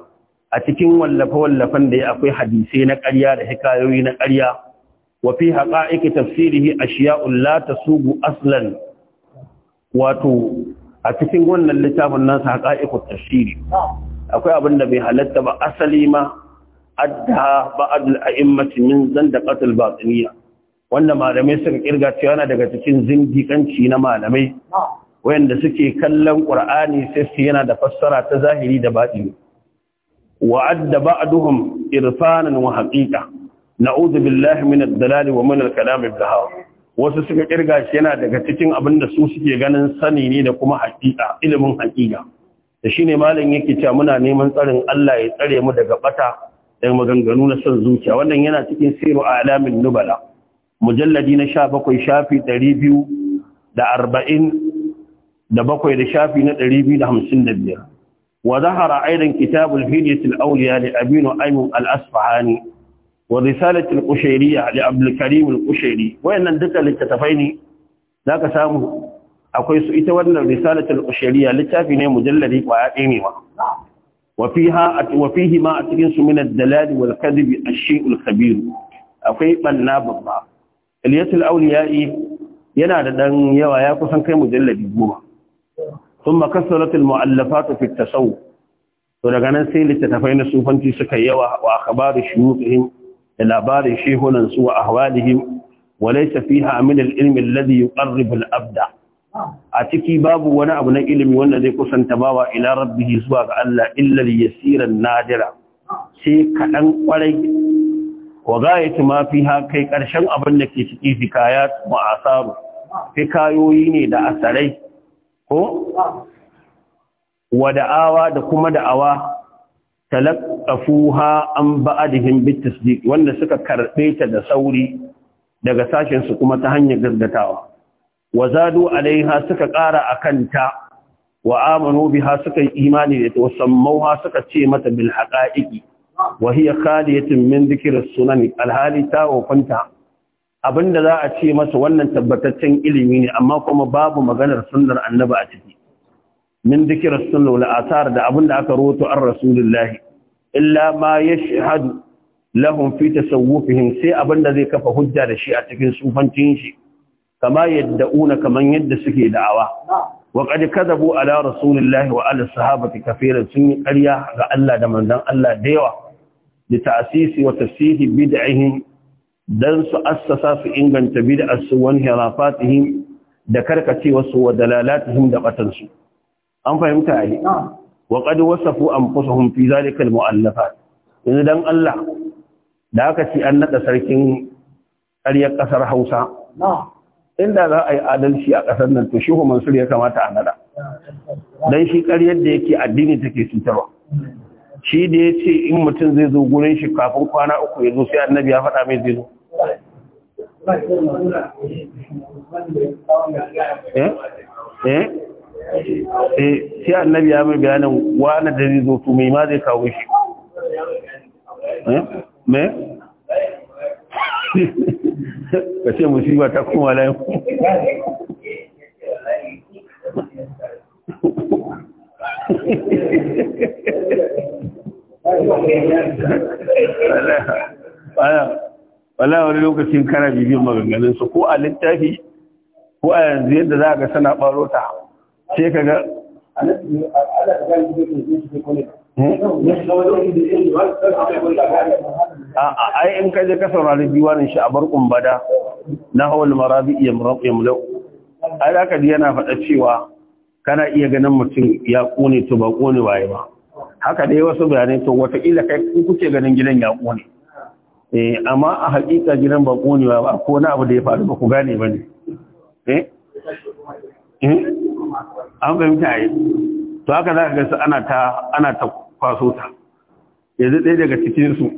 أتكين واللف واللفن دي أقوي حديثين أريا لحكايوين أريا وفي حقائق تفسيره أشياء لا تسوق أصلا واتو أتكين وانا اللتاب الناس حقائق التفسير أقوي أبن بي حلت أصلي ما أدها بعض الأئمة من زندقة الباطنية wanda malamai suka kirga cewa yana daga cikin zindiƙanci na malamai wayanda suke kallon qur'ani sai su yana da fassara ta zahiri da baɗi. wa adda ba'duhum irfanan wa haqiqa na'udhu billahi min ad-dalal wa min al-kalam hawa wasu suka kirga shi yana daga cikin abin da su suke ganin sani ne da kuma haqiqa ilimin haqiqa da shine malam yake cewa muna neman tsarin Allah ya tsare mu daga bata da maganganu na son zuciya wannan yana cikin siru alamin nubala mujalladi na sha bakwai shafi ɗari biyu da arba'in da bakwai da shafi na ɗari biyu da hamsin da biyar wa zahara aidan kitabul hidiyatul auliya da abinu aimun al-asfahani wa risalatul kushairiya da abdulkarim al-kushairi wayannan duka littattafai ne za ka samu akwai su ita wannan risalatul kushairiya littafi ne mujalladi kwaya ɗaya ne وفيها وفيه ما أتكن من الدلال والكذب الشيء الكبير أقي بنا babba. iliyatul auliya'i yana da dan yawa ya kusan kai mujallabi goma sun mu'allafa mu'allafatu fi tasawuf to daga nan sai littattafai na sufanci suka yawa wa akhbari shuyukhihim da labarin shehunan su wa ahwalihim wa laysa fiha min al-ilm alladhi yuqarribu al-abda a ciki babu wani abu na ilimi wanda zai kusanta bawa ila rabbihi zuwa ga Allah illa yasiran nadira sai kaɗan ƙwarai wa gayatu ma mafi kai ƙarshen abin da ke ciki hikayat fi kayoyi ne da asarai ko wa da'awa da kuma da'awa ha an ba'dihim bitasdiq wanda suka karɓe ta da sauri daga sashen su kuma ta hanyar gaggatawa wa zadu alaiha suka ƙara akan ta wa amanu biha suka yi imani da ta mawa suka ce mata bil haqa'iqi wa hiya khaliyatun min dhikr as-sunan alhali ta wafanta abinda za a ce masa wannan tabbataccen ilimi ne amma kuma babu maganar sunnar annabi a ciki min dhikr as-sunan wal athar da aka rawato an rasulullahi illa ma yashhadu lahum fi tasawwufihim sai abinda zai kafa hujja da shi a cikin sufancin shi kama yadda'una kaman yadda suke da'awa wa qad kadabu ala rasulillahi wa ala sahabati kafiran sun yi ƙarya ga Allah da manzon Allah da yawa da ta'asisi wa tafsihi bid'ihim dan su assasa su inganta bid'arsu wan hirafatihim da karkacewarsu wa dalalatihim da batansu an fahimta ai wa qad wasafu anfusuhum fi zalika almu'allafat yanzu dan Allah da aka ci an nada sarkin ƙaryar ƙasar Hausa inda za a yi adalci a ƙasar nan to shehu mansur ya kamata a nada dan shi karyar da yake addini take cutarwa shi da ya ce in mutum zai zo gurin shi kafin kwana uku ya zo sai annabi ya faɗa mai zai zo eh? Eh? Eh, sai annabi ya mai bayanin wane da zai zo mai ma zai kawo shi me? ka ce ta kuma ha wala wani lokacin kana bibin maganganunsu ko a littafi ko a yanzu yadda za ga sana ɓaro ta ce ka ga a ai in ka je ka saurari diwanin shi a barkun bada na hawal marabi iya mulau ai da ka ji yana faɗa cewa kana iya ganin mutum ya ƙone to ba ƙone waye ba haka dai wasu bayanai to wataƙila kai kuke ganin gidan ya ƙone eh amma a haƙiƙa gidan ba ƙone ba ko na abu da ya faru ba ku gane ba ne eh, eh? an fahimta yi to haka za ka gasa ana ta ana ta kwaso ta yanzu ɗaya daga cikinsu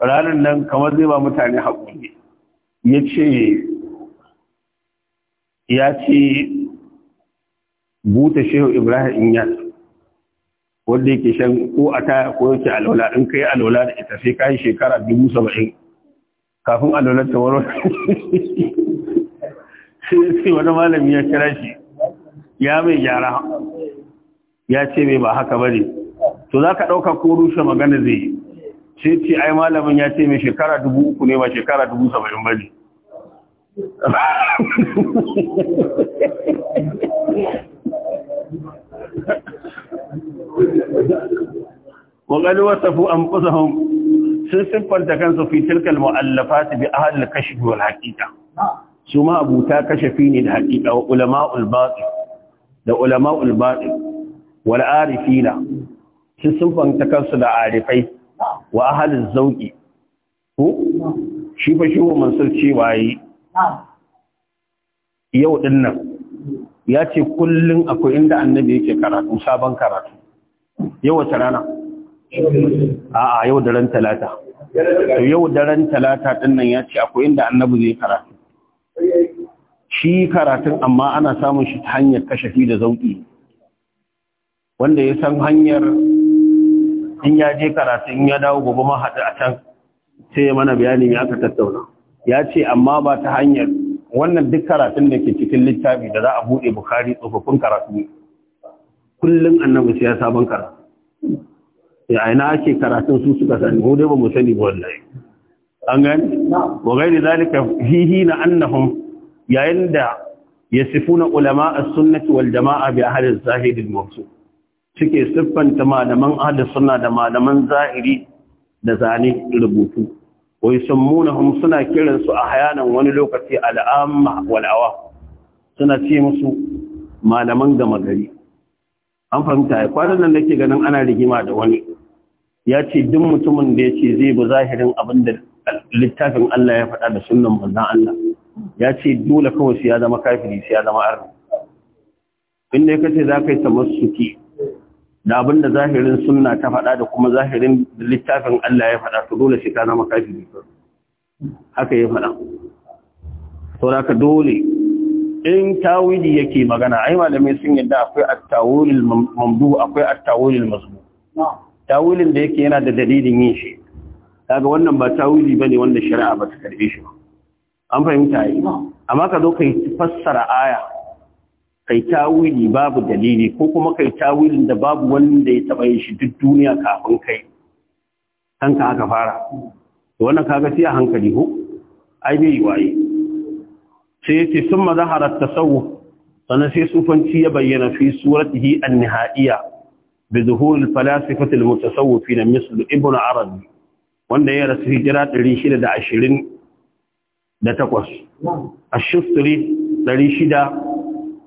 ranar nan kamar zai ba mutane haƙuri ya ce ya ce buta shehu ibrahim yasa wanda yake shan ko a taya ko yake alwala in kai alwala da ita sai kai shekara dubu saba'in kafin alwala ta waro sai wani malami ya kira shi ya mai gyara ya ce mai ba haka bane to za ka ɗauka ko rushe magana zai yi sai ce ai malamin ya ce mai shekara dubu uku ne ba shekara dubu saba'in ba ne وقد وصفوا أنفسهم سنصفر تكنسوا في تلك المؤلفات بأهل الكشف والحقيقة ثم أبوتا كشفين الحقيقة وعلماء الباطل وعلماء الباطل والعارفين سنصفر تكنسوا لعارفين وأهل الزوج shi fa shi wa mansur cewa yi yau din nan ya ce kullum akwai inda annabi yake karatu sabon karatu yau wace rana a'a yau daren talata to yau daren talata din nan ya ce akwai inda annabi zai karatu shi karatun amma ana samun shi ta hanyar kashafi da zauki wanda ya san hanyar in ya je karatu in ya dawo gobe ma a can sai ya mana bayani ya aka tattauna ya ce amma ba ta hanyar wannan duk karatun da ke cikin littafi da za a buɗe bukari tsofaffin karatu ne kullum annabi sai ya sabon karatu ya aina ake karatun su suka sani ko dai ba mu sani ba wallahi an gani wa gairi zalika na annahum yayin da yasifuna ulama as-sunnah wal jamaa bi ahli az-zahid al-mawsu suke siffanta malaman ahli sunna da malaman zahiri da zane rubutu wai sammunahum suna kiran su hayanan wani lokaci al-amma wal awam suna ce musu malaman gama gari an fahimta ya kwanan nan nake ganin ana rigima da wani ya ce duk mutumin da ya ce zai bi zahirin abin da littafin Allah ya faɗa da sunan manzan Allah ya ce dole kawai su ya zama kafiri su ya zama arna inda ya kace za ka yi tamassuki da abin da zahirin sunna ta faɗa da kuma zahirin littafin Allah ya faɗa to dole shi ka zama kafiri haka ya faɗa to dole in tawili yake magana ai malamai sun yadda akwai at-tawilul mamdu akwai at-tawilul mazmu tawilin da yake yana da dalilin yin shi kaga wannan ba tawili bane wanda shari'a ba ta karbe shi an fahimta yi amma ka zo kai fassara aya kai tawili babu dalili ko kuma kai tawilin da babu wanda ya taba yin shi duk duniya kafin kai kanka aka fara to wannan kaga sai a hankali ko ai bai yi waye sai yace summa zahara ta tasawuf sannan sai sufanci ya bayyana fi suratihi an-nihaiya bi zuhur al-falasifati al-mutasawwifin misl ibn arabi wanda ya rasu hijira 620 da takwas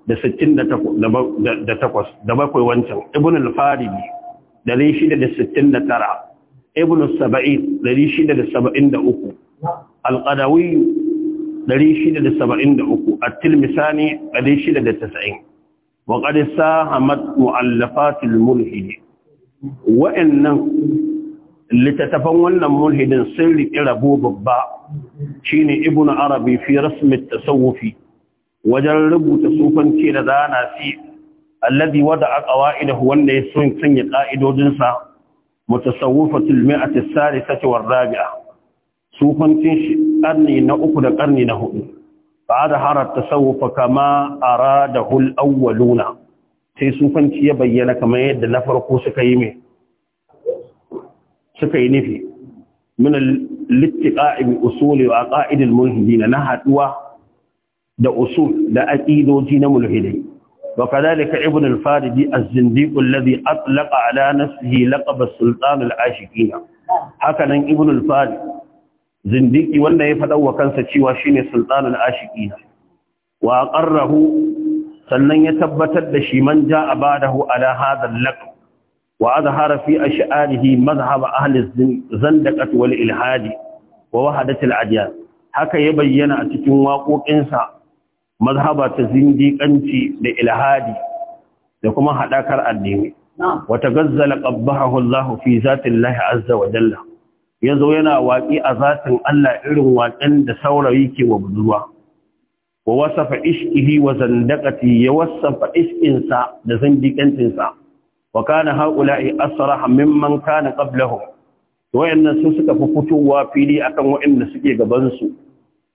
da sittin da takwas da bakwai wancan ibn al faridi dari shida da sittin da tara ibn al-saba'in dari shida da saba'in da uku al-qadawi 673 at-tilmisani 690 wa qad sahamat mu'allafatil mulhid wa'annan litatafan wannan mulhidin sirri riƙi rabo babba shine ibnu arabi fi rasm at-tasawuf wajen rubuta sufanci da zana si alladhi wada'a qawa'idahu wanda ya sanya ka'idodinsa mutasawwifatul mi'ati as-salisati war-rabi'ah sufancin shi ƙarni na uku da ƙarni na hudu ba da harar tasawufa kama a da hul awwaluna sai sufanci ya bayyana kamar yadda na farko suka yi mai suka yi nufi min littiqa'i ƙa'ibi usuli a aqaidil mulhidin na haɗuwa da usul da aqidoji na mulhidi wa kadhalika ibn al-faridi az-zindiq alladhi atlaqa ala nafsihi laqab as-sultan al haka nan ibn al-faridi zindiki wanda ya faɗa wa kansa cewa shine sultanul ashiki wa qarrahu sannan ya tabbatar da shi man a ba'dahu ala hadha al-laqab wa azhara fi ash'arihi madhhab ahli zandaqat wal ilhadi wa wahadat al haka ya bayyana a cikin waƙoƙinsa mazhaba ta zindiƙanci da ilhadi da kuma haɗakar addini wata gazzala qabbahu Allah fi zatillahi azza wa jalla ya zo yana waƙi a zatin Allah irin waƙen da saurayi ke wa budurwa wa wasafa ishqihi wa zandaqati ya wasafa ishqinsa da zandiƙantinsa wa kana asara asraha mimman kana qablahum wayannan sun suka fi fitowa fili akan waanda suke gabansu. su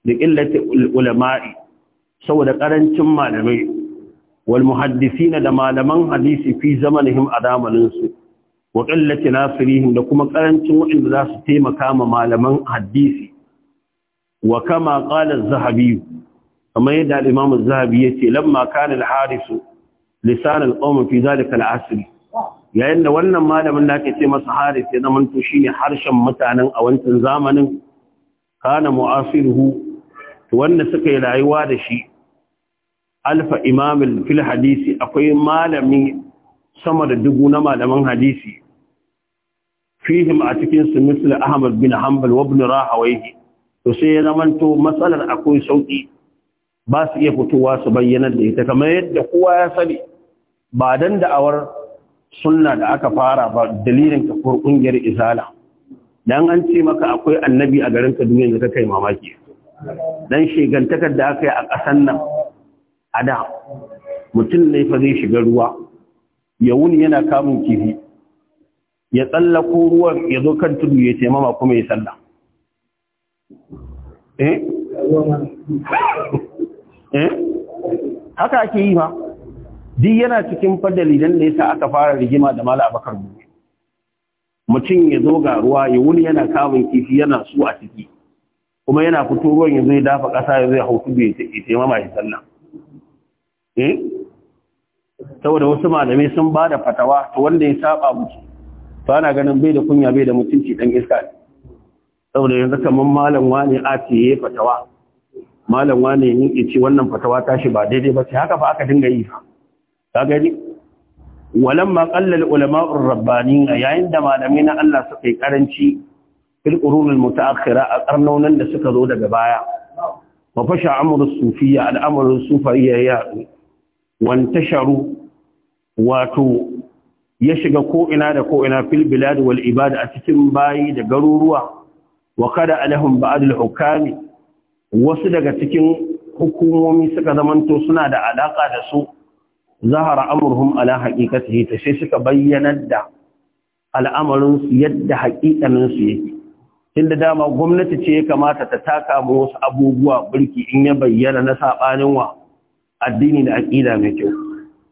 da qillati ulama'i saboda karancin malamai wal muhaddisina da malaman hadisi fi zamanihim a zamaninsu wa qallati da kuma karancin waɗanda za su taimaka ma malaman hadisi wa kama qala az-zahabi kamar yadda al-imam zahabi lamma kana al-harisu lisan al-qawm fi zalika al yayin da wannan malamin da ake ce masa haris ya zama to shine harshen mutanen a wancan zamanin kana mu'asiruhu to wanda suka yi rayuwa da shi alfa imamul fil hadisi akwai malami sama da dubu na malaman hadisi fihim a cikin su misli Ahmad bin Hanbal wa ibn Rahawayhi to sai ya zamanto matsalar akwai sauki ba su iya fitowa su bayyana da ita kamar yadda kowa ya sani ba dan da'awar sunna da aka fara ba dalilin kur kungiyar izala dan an ce maka akwai annabi a garin ka Kaduna da kai mamaki dan shegantakar da aka yi a ƙasan nan a da mutum ne fa zai shiga ruwa ya wuni yana kamun kifi ya tsallako ruwan ya zo kan tudu ya taimama kuma ya sallah eh eh haka ake yi ma duk yana cikin fadali dan da yasa aka fara rigima da mala abakar mutum ya zo ga ruwa ya wuni yana kamun kifi yana su a ciki kuma yana fito ruwan ya zo ya dafa ƙasa ya zo ya hau tudu ya taimama ya sallah eh saboda wasu malamai sun ba da fatawa to wanda ya saba musu to ana ganin bai da kunya bai da mutunci dan iska ne saboda yanzu kaman malam wani a ce ya fatawa malam wani yin ce wannan fatawa tashi ba daidai ba sai haka fa aka dinga yi ka gani Walam ma qallal ulama ar-rabbani yayin da malamai na Allah suka yi karanci fil qurun al-mutaakhira a karnonan da suka zo daga baya wa fasha amru sufiyya al-amru sufiyya ya wantasharu wato ya shiga ko'ina da ko'ina fil bilad wal ibada a cikin bayi da garuruwa wa kada alahum ba'adul hukami wasu daga cikin hukumomi suka zamanto suna da alaka da su zahara amurhum ala haqiqatihi ta sai suka bayyana da al'amarin su yadda haƙiƙanin su yake tunda dama gwamnati ce ya kamata ta taka mu wasu abubuwa birki in ya bayyana na sabanin wa addini da aƙida mai kyau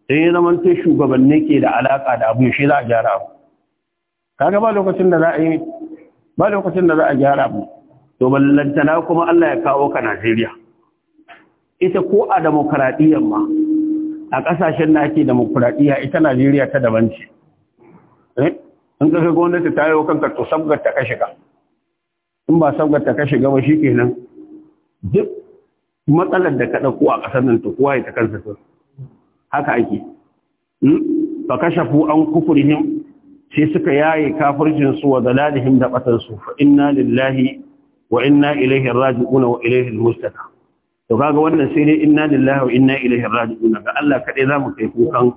sai ya zama to shugabanni ke da alaƙa da abu shi za a gyara abu kaga ba lokacin da za a yi ba lokacin da za a gyara abu to ballantana kuma Allah ya kawo ka Najeriya ita ko a demokradiyyar ma a ƙasashen da ake demokradiyya ita Najeriya ta daban ce eh? in ka ga gwamnati ta yi kanka to sabgar ta kashe ka in ba sabgar ta kashe gaba shikenan duk matsalar da ka ɗauko a ƙasar nan to kowa ya ta kansa sun haka ake hmm? fa kashafu an kufurihim sai suka yaye kafircin su wa dalalihim da batan su fa inna lillahi wa inna ilaihi raji'un wa ilaihi almustaqa to kaga wannan sai dai inna lillahi wa inna ilaihi raji'un ga Allah kade zamu kai kukan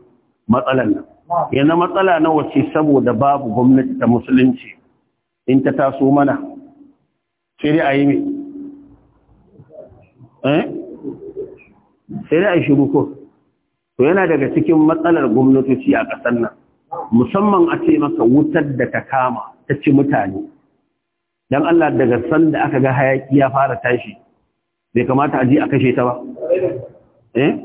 matsalan nan yanzu matsala na wace saboda babu gwamnati ta musulunci in ta taso mana sai dai a yi Eh? sai da a shiru ko to yana daga cikin matsalar gwamnatoci a ƙasar nan musamman a ce maka wutar da ta kama ta ci mutane don Allah daga san da aka ga hayaki ya fara tashi bai kamata a ji a kashe ta ba eh?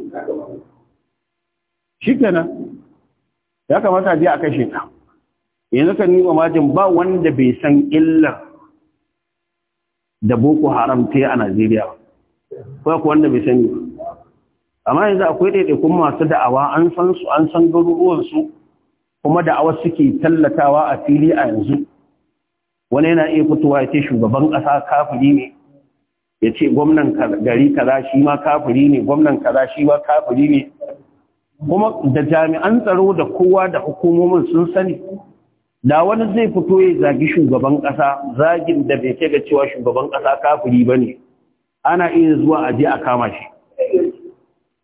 shi kenan ya kamata a ji a kashe ta yanzu kan nima majin ba wanda bai san illar da boko haram ta a Najeriya ba ko wanda bai sani amma yanzu akwai ɗaiɗaikun masu da'awa an san su an san garuruwansu kuma da'awa suke tallatawa a fili a yanzu wani yana iya fitowa ya ce shugaban ƙasa kafiri ne ya ce gwamnan gari kaza shi ma kafiri ne gwamnan kaza shi ma kafiri ne kuma da jami'an tsaro da kowa da hukumomin sun sani da wani zai fito ya zagi shugaban ƙasa zagin da bai ke ga cewa shugaban ƙasa kafiri ba ne ana iya zuwa a je a kama shi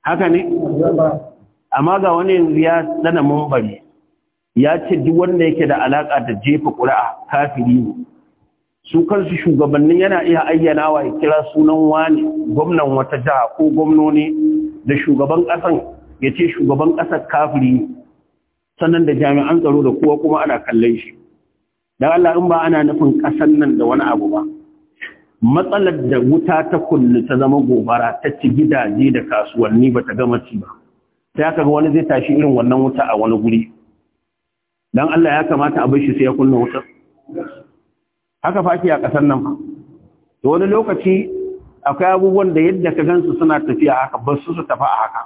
haka ne amma ga wani yanzu ya tsana mambari ya ce duk wanda yake da alaka da jefa ƙuri'a kafiri ne su kansu shugabannin yana iya ayyana wa ya kira sunan wani gwamnan wata jiha ko gwamnoni da shugaban ƙasan ya ce shugaban ƙasar kafiri sannan da jami'an tsaro da kowa kuma ana kallon shi don Allah in ba ana nufin ƙasan nan da wani abu ba matsalar da wuta ta kullu ta zama gobara ta ci gidaje da kasuwanni ba ta gama ci ba sai aka ga wani zai tashi irin wannan wuta a wani guri dan Allah ya kamata a bar shi sai ya kunna wuta haka fa ake a kasar nan to wani lokaci akwai abubuwan da yadda ka gansu suna tafiya haka ba su su tafi haka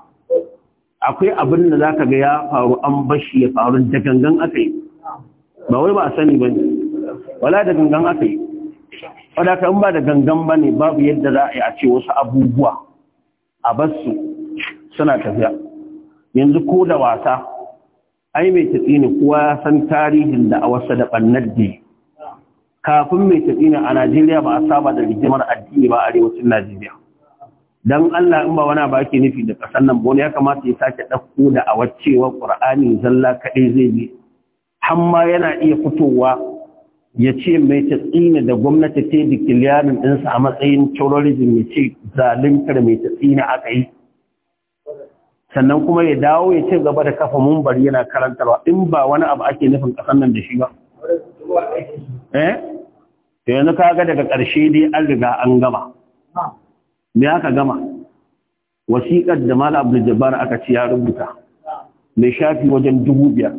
akwai abin da zaka ga ya faru an shi ya faru da gangan aka yi ba wai ba a sani bane wala da gangan aka yi wadata in ba da gangan ba ne babu yadda za a yi a ce wasu abubuwa a basu suna tafiya yanzu ko da wasa ai mai tafi ne kuwa ya san tarihin da a wasu da ɓannar da kafin mai tafi ne a najeriya ba a saba da rigimar addini ba a arewacin najeriya don allah in ba wana ba ke nufi da ƙasar nan bone ya kamata ya sake ɗauko da a wacewa ƙur'ani zalla kaɗai zai bi Hamma yana iya fitowa ya ce mai ta tsina da gwamnati ta yi dikiliyarin ɗinsa a matsayin terrorism ya ce zalimtar mai ta tsina aka yi sannan kuma ya dawo ya ce gaba da kafa mumbar yana karantarwa in ba wani abu ake nufin ƙasar nan da shi ba eh yanzu ka ga daga ƙarshe dai an riga an gama me aka gama wasiƙar da Malam abdul jabbar aka ci ya rubuta mai shafi wajen dubu biyar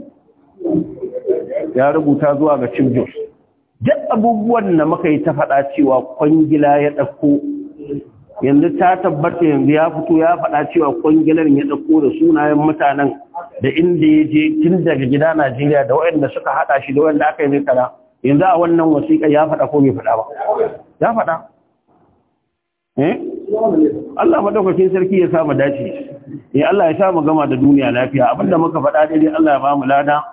ya rubuta zuwa ga chief abubuwan da muka yi ta faɗa cewa kwangila ya ɗauko yanzu ta tabbata yanzu ya fito ya faɗa cewa kwangilar ya ɗauko da sunayen mutanen da inda ya je tun daga gida Najeriya da waɗanda suka haɗa shi da waɗanda aka yi zai yanzu a wannan wasiƙa ya faɗa ko bai faɗa ba ya faɗa eh Allah madaukakin sarki ya samu dace eh Allah ya samu gama da duniya lafiya abinda muka faɗa dai Allah ya ba mu lada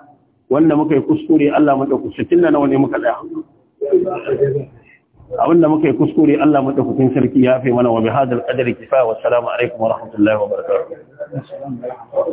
wanda muka yi kuskure Allah madaukakin sarki na nawa ne muka tsaya abinda muka yi kuskure Allah maɗaukakin sarki ya fi mana wa bihadal qadari kifaya wassalamu alaikum wa rahmatullahi wa barakatuh